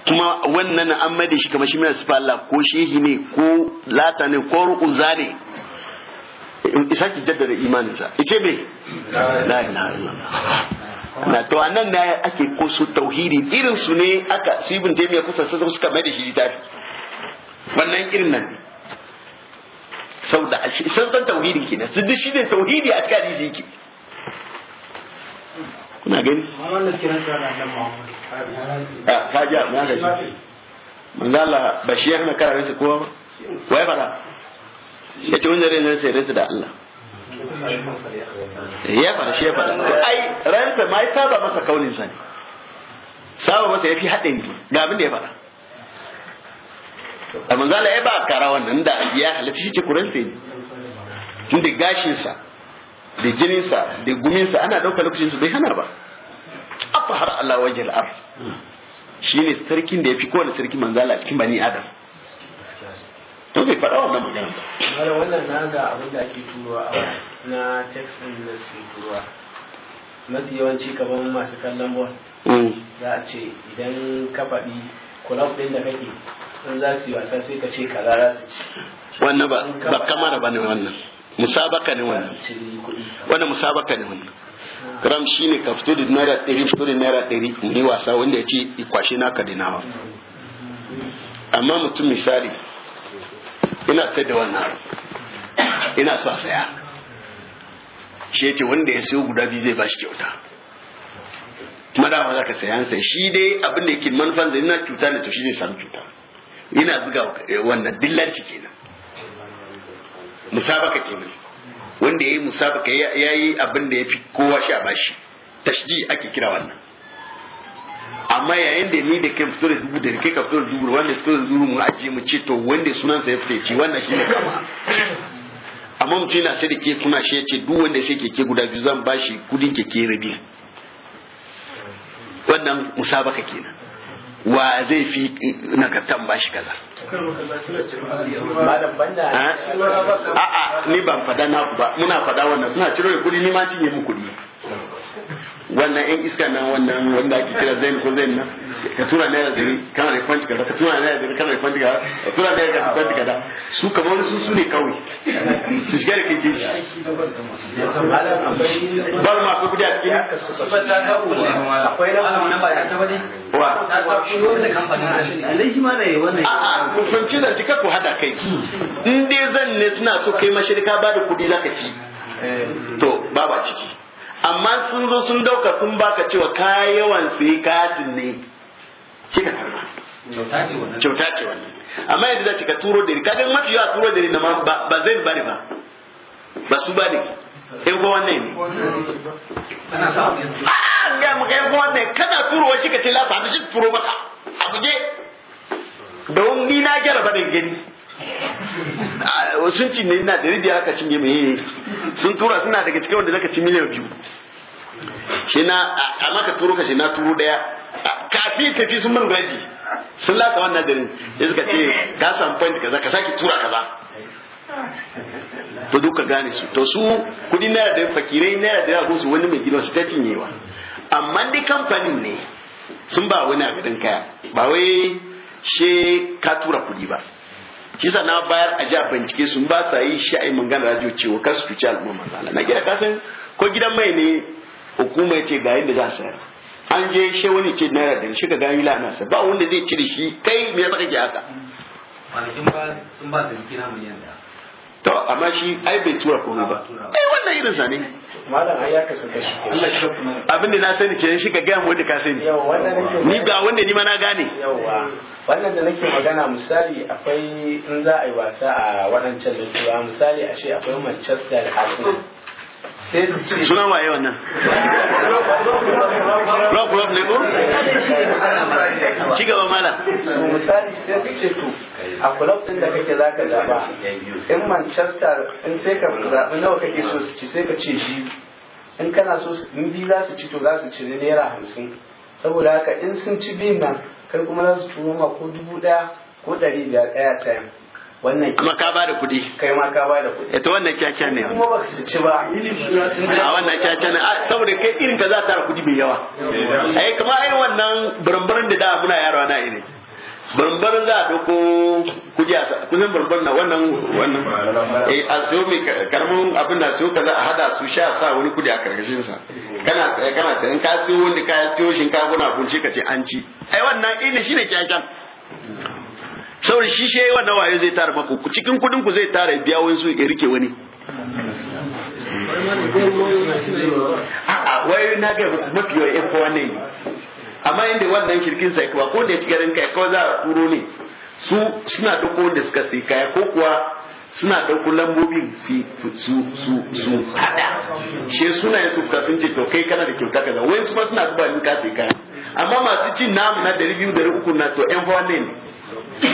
[SPEAKER 1] kuma wannan an mai da shi kamar shi mai sifa Allah ko shehi ne ko lata ne ko ru'uza ne isaki jaddada imaninsa ice me la ilaha illallah na to anan ne ake koso tauhidi irin su ne aka su ibn taymiya kusa suka mai da shi tafi wannan irin nan ne saboda san san tauhidi kenan su duk ne tauhidi a cikin hadisi yake kuna gani a ah, kaja na gaji manzala bashiyar na karanta kowa ba fara ya ce wani rai sai rinsa da Allah
[SPEAKER 2] ya fara shi ya fara to ai
[SPEAKER 1] ransa ma ya taba masa kaunin sa ne saba masa ya fi haɗin ga abin da ya fara. a manzala ya ba kara wannan da ya halatta shi ce kuran ne tun da gashinsa da jininsa da guminsa ana ɗauka su bai hanar ba a har Allah wajen al'ar shi ne sarkin da ya fi kowane sarki manzala cikin bani adam to bai faɗa wannan magana ba wannan na ga abin da ake turuwa na text din na suke turuwa mafi yawanci kamar masu kallon bol mm. za a ce idan ka faɗi kulab ɗin da kake in za su yi wasa sai ka ce kaza za su ci wannan ba ba kamar ba ne wannan musabaka ne wannan wannan musabaka ne wannan ah. gram ne ka fito da naira ɗari fito da naira ɗari yi wasa wanda ya ce kwashe naka da nawa mm. amma mutum misali ina sai da wannan ina so a saya shi yace wanda ya sayo guda biyu zai bashi kyauta kuma dama za ka saya sai shi dai abin da yake manufan da ina cuta ne to shi zai samu cuta ina zuga wannan dillanci kenan musabaka kenan wanda ya yi musabaka ya yi abin da ya fi kowa sha bashi tashji ake kira wannan amma yayin da ni da ke fito da dubu da ke ka fito da dubu wanda fito da dubu mu ajiye mu ce to wanda sunan sa ya fita ci wannan shi ne kama amma mutum yana sai da ke kuna shi ya ce duk wanda sai keke guda biyu zan bashi kudin keke rabi wannan musabaka kenan wa zai fi na eh, nagartan bashi kaza eh? a'a ni ban fada naku ba muna fada wannan suna ciro kudi ni ma cinye mu kudi wannan yan iska nan wannan wanda ake kira zain ko zain na ka tura naira dari kana da kwanci kada ka tura naira dari kana da kwanci kada ka tura naira dari kwanci kada su kamar su su ne kawai su shiga da kai ce
[SPEAKER 2] bar ma ko kudi a ciki akwai da alamun ba ya ta bane wa
[SPEAKER 1] a ku fanci cika ku hada kai in dai zan ne suna so kai mashirka ba da kudi lokaci to ba ba ciki amma sun zo sun dauka sun baka cewa ka yawan sai katin ne kika karba kyauta ce wannan amma yadda za ka turo dare kaga mafi yawa turo dare na ba zai bari ba ba su bari in ko wannan ne a ga mu kai ko wannan kana turo shi ka ce lafa shi turo baka? a guje don ni na gyara ba da gani sun ci ne na dari biyar aka cinye mai yayi sun tura suna daga cikin wanda zaka ci miliyan biyu shi na a maka turo ka shi na turu daya kafin tafi sun min gaji sun lasa wannan darin ya suka ce ka san point kaza ka saki tura kaza to duka gane su to su kudi naira da fakirai naira da yawa su wani mai gidan su ta cinyewa amma ni kamfanin ne sun ba wani a kaya ba wai she ka tura kudi ba kisa na bayar a ja bincike sun ba sa yi shi a yi mangana radio cewa kar su fice al'umma manzala na gida kasan ko gidan mai ne hukuma ce ga yadda za su sayar an je shi wani ce naira da shi ka gani lana sa ba wanda zai cire shi kai me ya saka ke haka malikin ba sun ba da kira miliyan da to amma shi ai bai tura komai ba eh wannan irin sa ne malam ai ya kasu kashi abin da na sani ce shi ka gaya mu wanda ka sani ni ga wanda ni ma na gane yawa wannan da nake magana misali akwai in za a yi wasa a waɗancan da misali a ce akwai Manchester da sunan waye wannan rock rock ne ko ci gaba Su misali
[SPEAKER 2] sai su ce to a club din da kake zaka zaba in manchester in sai ka zabi nawa kake so su ci sai ka ce biyu in kana so in biyu za su ci to za su ci naira hamsin saboda haka in sun ci biyun nan kai kuma za su turo ma ko dubu daya ko ɗari biyar ɗaya time
[SPEAKER 1] wannan kuma ka ba da kuɗi kai ma ka ba da kuɗi Eto wannan caca ne kuma ba su ci ba a wannan caca ne saboda kai irin ka za ta kuɗi mai yawa ai kuma ai wannan barambaran da da muna yaro na ne barambaran za a ko kuɗi a kusan barambar na wannan wannan eh a so mai karamin abin da so kaza a hada su sha sa wani kuɗi a karkashin sa kana eh, kana ta in ka siyo wanda ka ciyo shinkafa na kunce ka ce an ci ai eh, wannan ina eh, shine cacan saboda shi shi wannan wayo zai tara maku cikin kudin ku zai tara biya wani su ya rike wani a'a na ga musu mafi yawa yan kowa amma inda wannan shirkin sai kuma ko da cikin kai ko za a turo ne su suna dauko wanda suka sai kaya ko kuwa suna dauko lambobin su su su su hada she sunayen su fita sun ce to kai kana da kyauta kaza su ma suna duba in ka sai kaya amma masu cin namu na 200 300 na to yan ne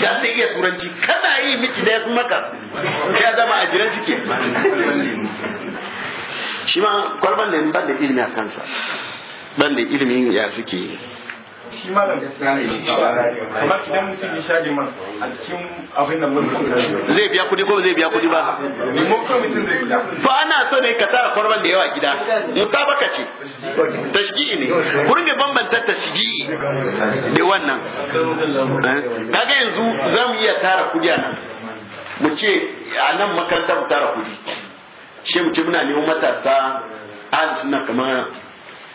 [SPEAKER 1] da zai iya turanci kana yi miki da ya fi maka ya zama a jiran shi ke shi ma kwalban da ban da ilimi a kansa ban da ilimin ya suke shi gaskiya ne idan mutum ya man a cikin abin da zai biya kudi ko zai biya kudi ba ni mu so mutum zai ana so ne ka tara korban da yawa gida musabaka ce tashgi'i ne gurin da bambanta tashgi'i da wannan eh? kaga yanzu zamu iya tara kudi a nan mu ce a nan makarantar mu tara kudi shi mu ce muna neman matasa an suna kamar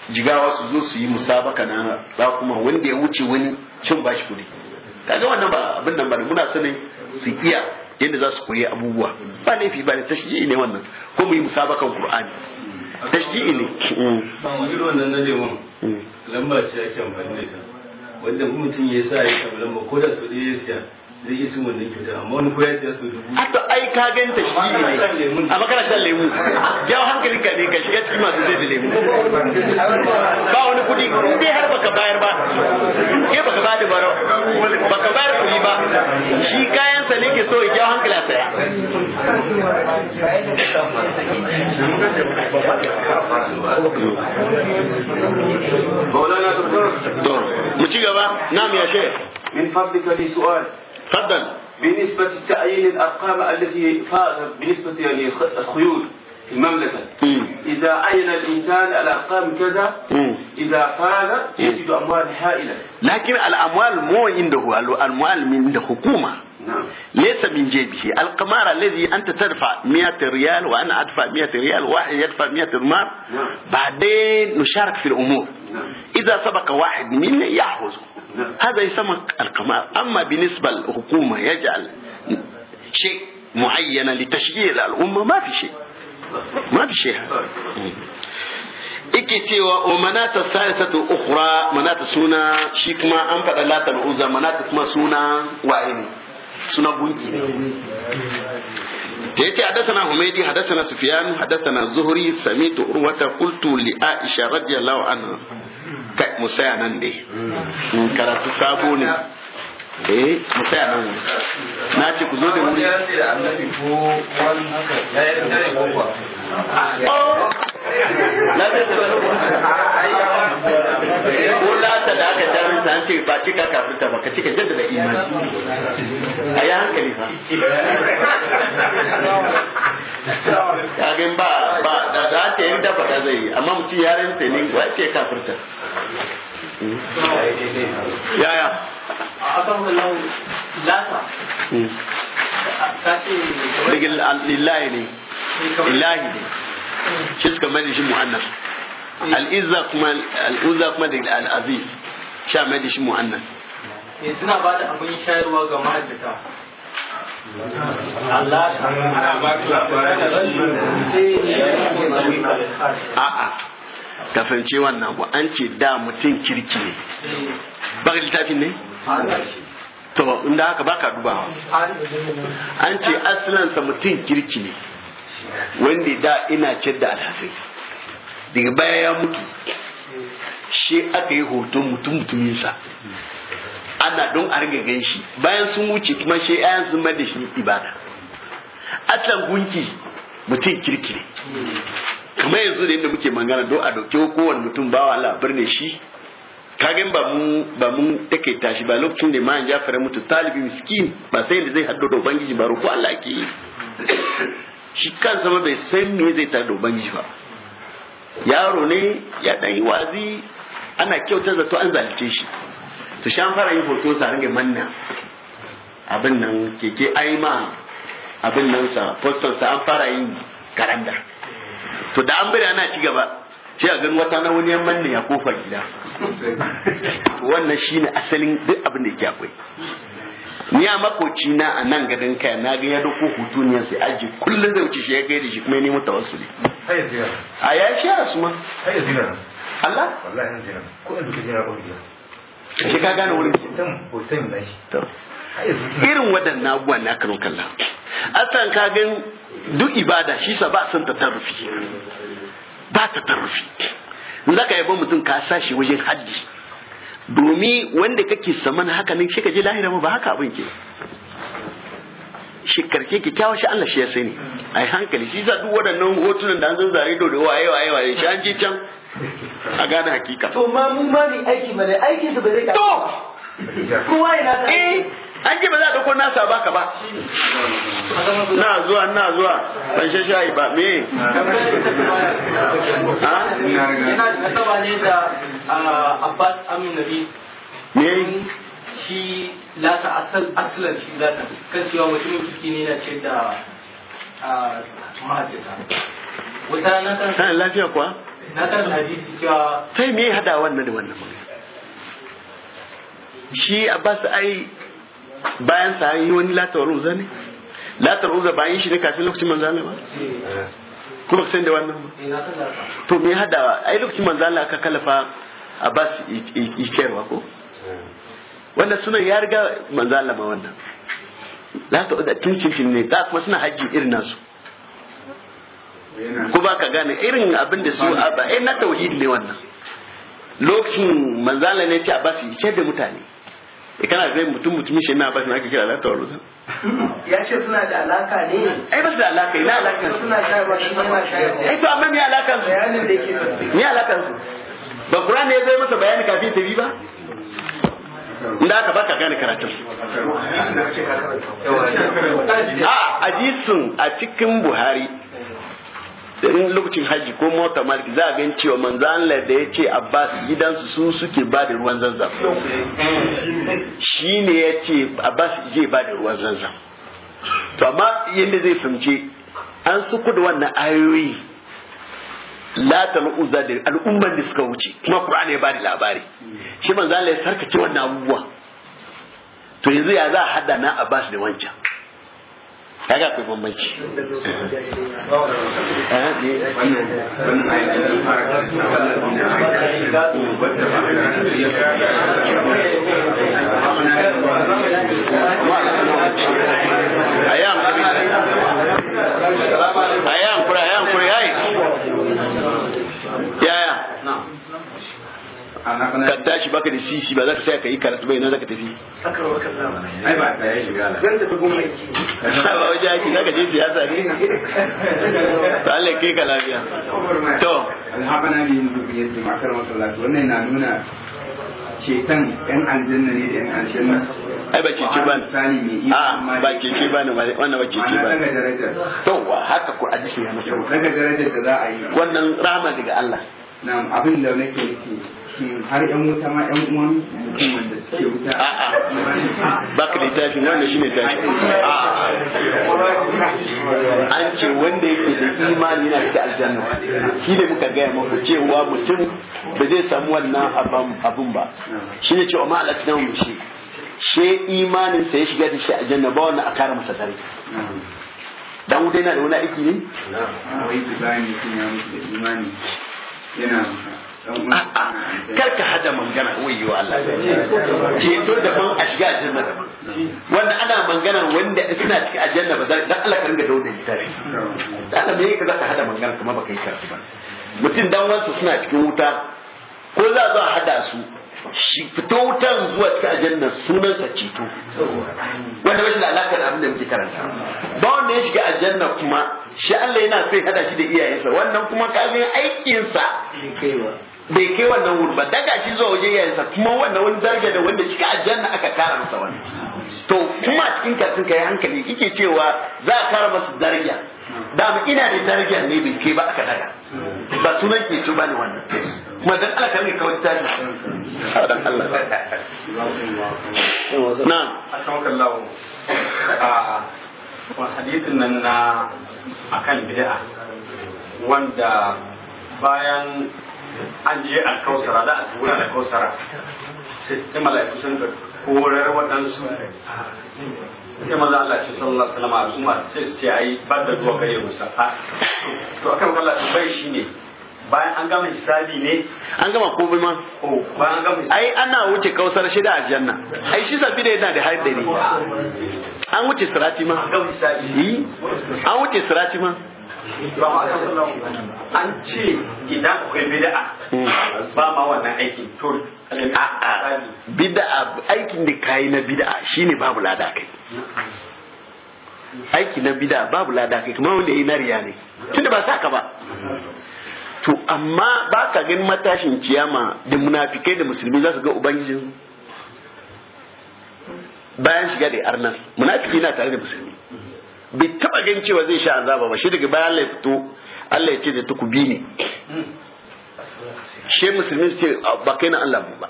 [SPEAKER 1] jigawa su zo su yi musabaka na kuma wanda ya wuce wani cin bashi kudi kaga wannan ba abin nan ba muna sanin su iya yadda za su koyi abubuwa ba laifi ba ne tashji'i ne wannan ko mu yi musabakan qur'ani tashji'i ne mm. wannan na lemon mm. lamba ce ake amfani da wanda mutum ya sa ya samu lamba ko da su ɗaya zai iya wannan kyauta amma wani siya su dubu ai ka ganta shi ne shan lemu ka ne ka shiga cikin masu zai da lemu ba wani kudi in har baka bayar ba ke baka ba da baro baka bayar kuɗi ba
[SPEAKER 2] shi kayan sa ne ke so ya hankali hankala saya
[SPEAKER 1] مولانا دكتور تفضل بالنسبة لتعيين الأرقام التي فاز بالنسبة للخيول يعني في المملكة مم. إذا عين الإنسان الأرقام كذا مم. إذا فاز يجد أموال هائلة لكن الأموال مو عنده الأموال من الحكومة نعم. ليس من جيبه القمار الذي أنت تدفع 100 ريال وأنا أدفع 100 ريال واحد يدفع 100 ريال نعم. بعدين نشارك في الأمور نعم. إذا سبق واحد منا يحوزه هذا يسمى القمار أما بالنسبة للحكومة يجعل شيء معين لتشجيع الأمة ما في شيء ما في شيء ike cewa o manata salisatu ukhra manata suna shi kuma an faɗa latar uza manata kuma suna waye ne suna gunki ne ta yace hadathana humaydi hadathana sufyan hadathana zuhri samitu urwata qultu li aisha radiyallahu anha kai musaya saya nan dai karatu sabo ne eh musaya nan ne na ce ku zo da wuri ko da aka ta ce ba cika kafin ta ba ka cika imani a yi hankali ba kagin ba ba da za ce yin dafa da zai yi amma yaren sai ne kafin ta yaya a kan hmm. ta ce ne illahi ne shi suka mai da shi mu'annas eh. al'izza kuma al'uzza kuma da al'aziz sha mai da shi mu'annas
[SPEAKER 2] eh, suna ba da abin shayarwa ga mahaddata
[SPEAKER 1] Allah ana ba su a'a ka fahimci wannan ba an ce da mutum kirki ne eh. ba ka littafin ne to inda haka baka dubawa an ce asalansa mutum kirki ne wanda da ina ciyar da alhafi daga baya ya mutu shi aka yi hoton mutum mutuminsa ana don a riga gan shi bayan sun wuce kuma shi ayan sun mai da shi ibada asan gunki mutum kirkire kamar yanzu da inda muke magana don a dauke kowane mutum bawa Allah birne shi kagen ba mu ba mu take tashi ba lokacin da man Jafar mutu talibi miskin ba sai da zai haddo da ubangiji ba roƙo Allah ke shi kan zama bai san me zai tare da ubangiji ba yaro ne ya dan yi wazi ana kyautar to an zalice shi to shan fara yin hoto sa ringa manna abin nan keke aima abin nan sa postal sa an fara yin karanda to da an bari ana ci gaba sai a gani wata na wani yan manne ya kofar gida (laughs) wannan shine asalin duk abin da yake akwai ni a makoci na a nan gadon kaya na ga ya doko hutu ne sai aji kullum da wuce shi ya gaida shi kuma ya nemo tawassuli a ya shi yara su ma Allah shi ka gane wurin irin waɗannan abubuwan na karo kalla asan ka gan duk ibada shi sa ba san tatarrufi ba tatarrufi zaka yabo mutum ka sashi wajen hajji domin wanda kake saman haka nan shi ka lahira ba haka abin ke shi karke kyakkyawa shi Allah shi ya sani ai hankali shi za duk waɗannan hotunan da an zan zare da waye waye waye shi an je can a gane hakika to
[SPEAKER 2] ma mu ma mai aiki
[SPEAKER 1] ba da aikin su ba zai ka to kowa
[SPEAKER 2] yana eh!
[SPEAKER 1] an ji ba za a dauko nasa ka ba na zuwa na zuwa ban sha shayi ba me
[SPEAKER 2] Abbas Amin Nabi me shi lata asal aslan shi lata kan cewa mutumin kiki ne na ce da mahajjata
[SPEAKER 1] wata na kan lafiya kuwa na kan hadisi cewa sai me hada wannan da wannan shi Abbas ai bayan sa yi wani latar uza ne latar uza bayan shi ne kafin lokacin manzo Allah ba kuma ka san da wannan ba
[SPEAKER 2] eh,
[SPEAKER 1] to me hada ai lokacin manzo Allah ka kalafa Abbas icerwa ko eh. wannan sunan ya riga manzo Allah ma wannan latar uza tun cincin ne ta kuma suna haji irin nasu ko ba ka gane irin abin da su ba ai eh, na tauhid ne wannan lokacin manzala ne ce Abbas yi da mutane Eh, kana zai mutum mutumin shi na bashi na ake kira lata warusa
[SPEAKER 2] ya ce suna da alaka ne ai ba su da alaka ina alaka su suna shayarwa shi ma shayarwa ai to amma me alakan su bayanin da yake me alakan su
[SPEAKER 1] ba Qur'ani ya zai masa bayani kafin tabi ba inda aka baka gane karatun a hadisin a cikin Buhari in lokacin haji ko mota malik za a gan cewa manzo Allah da yace Abbas gidansu su suke ba da ruwan zanzam shi ne ya Abbas je ba da ruwan zanzam to amma yanda zai fahimci an su kudu wannan ayoyi tal uza da al'umman da suka wuce kuma Qur'ani ya bada labari shi manzo Allah ya sarkace wannan abubuwa to yanzu ya za a hada na Abbas da wancan kaga akwai bambanci
[SPEAKER 2] Thank eh, eh, eh. you.
[SPEAKER 1] ka tashi baka da sisi ba za ka sai ka yi karatu bai na za ka tafi
[SPEAKER 2] ai ba ta yi
[SPEAKER 1] shiga ba wajen aiki za ka je siyasa ne ta Allah kai ka lafiya to ne makar wannan na nuna yan aljanna ne yan aljanna ai ba cece ba ah, ba cece ba ne wannan ba cece ba to haka ku ya daga darajar da a yi wannan daga Allah na abin da nake nufi har yan wuta ma wanda a'a da tashi an ce wanda yake da imani yana cikin aljanna shi ne muka gaya muku cewa mutum ba zai samu wannan abun ba shi ce wa mu she imanin sa ya shiga da aljanna ba wannan a kara masa dan wuta yana da wani aiki ne? Wai imani. Ah, ah, kar ka hada mangana wayo Allah ceto daban a shiga aljanna daban wanda ana mangana wanda suna cikin aljanna ba dan Allah ka ringa dauda ita ne Allah me ka zaka hada mangana kuma baka yi karsu ba mutum dan wasu suna cikin wuta ko za a hada su shi fito zuwa cikin aljanna sunansa ceto wanda ba shi da alaka da abin da muke karanta ba wanda ya shiga aljanna kuma shi Allah yana sai hada shi da iyayensa wannan kuma kafin aikinsa bai kai wannan wurin ba daga shi zuwa wajen iyayensa kuma wannan wani daraja da wanda shiga aljanna aka kara masa wani to kuma cikin ka kai hankali kike cewa za a kara masa daraja Da ina da daraja ne bai kai ba aka daga ba sunan ke ba ne wannan kuma dan Allah ka mai kawai tashi dan Allah na akwai a hadisin nan na akan bid'a wanda bayan an je alkausara da a tura da kausara sai ta mala'iku sun ka korar waɗansu sai maza Allah shi sallallahu alaihi wasallam a sai su ce ai ba da duwa kare musa ah, to akan Allah bai shine bayan an gama hisabi ne an gama komai ma oh, bayan an gama ai ana wuce kausar shida a janna ai shi sabbi da yana da haɗari an wuce sirati ma an wuce sirati ma an ce idan akwai bid'a hmm. ba ma wannan aikin to a'a bid'a aikin da kai na bid'a shine babu lada kai aiki na bid'a babu lada kai kuma wanda yayi riya ne tunda ba saka ba to amma ba ka gani matashin kiyama da munafikai da musulmi za su ga ubangijin bayan shiga da arnar munafiki na tare da musulmi bai taba gan cewa zai sha azaba ba shi daga bayan Allah ya fito Allah ya ce da tukubi ne shi musulmi ce ba kai na Allah ba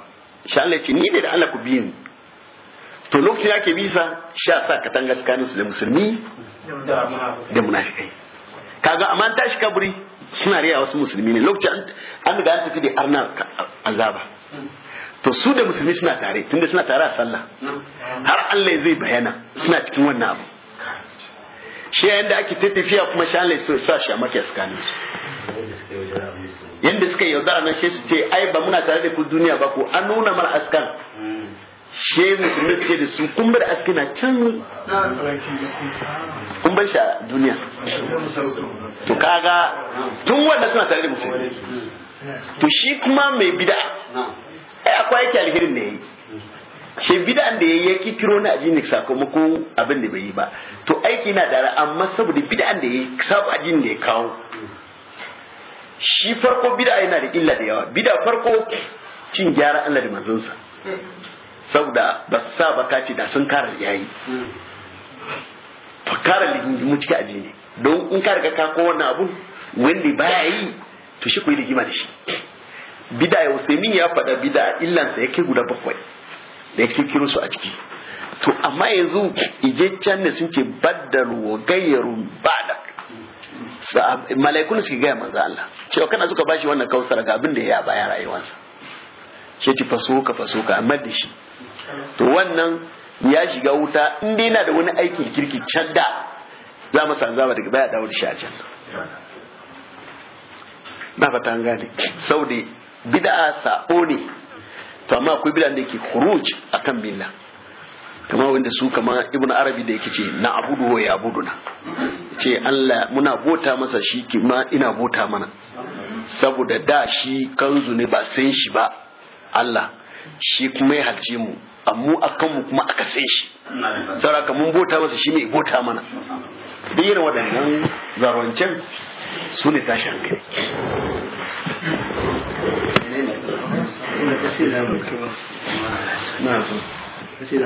[SPEAKER 1] shi Allah ya ce ni ne da Allah ku bi ni to lokacin ake bisa sha sa tanga tsakanin su da musulmi da munafikai kaga amma tashi kaburi suna riya wasu musulmi ne lokacin an da an tafi da arna azaba to su da musulmi suna tare tunda suna tare a sallah har Allah zai bayana suna cikin wannan abu shi yayin da ake tafiya kuma shi Allah sai sa shi a maka tsakanin yanda suka yaudara nan shi su ce ai ba muna tare da ku duniya ba ku an nuna mar askan she musulmi suke da su kun bar aski na can kun bar shi a duniya to kaga tun wanda suna tare da musulmi to shi kuma mai bida ai akwai yake alherin da yayi shi bid'an da yayi yake kiro na ajini sakamako abin da bai yi ba to aiki na da amma saboda bid'an da yayi sabu ajini da ya kawo shi farko bid'a yana da illa da yawa bid'a farko cin gyara Allah da manzonsa saboda ba su sa baka ce da sun kara yayi fakara hmm. mu ciki aji ne don in ka riga ka ko wannan abun wanda baya yi to shi koyi ligima da shi bida ya min ya faɗa bida illansa ya kai guda bakwai da ya kiro su a ciki to amma yanzu ije can ne sun ce baddalu wa gayyaru bada malaikun suke gaya manzo Allah cewa kana suka bashi wannan kausar ga abin da ya baya rayuwarsa shi ci faso ka faso ka amma da shi to wannan ya shiga wuta in dai yana da wani aiki kirki can da za mu san mu daga baya dawo da shi a can na fata an gane saudi bid'a sabo ne to amma akwai bid'a da yake khuruj akan billah Kamar wanda su kama ibn arabi da yake ce na abudu wa yabuduna ce Allah muna bota masa shi ki ma ina bota mana saboda da shi kanzu ne ba san shi ba Allah shi kuma ya halce mu amma a kanmu kuma aka san shi saboda mun bota masa shi mai bota mana duk irin waɗannan zarwancen su ne tashi hankali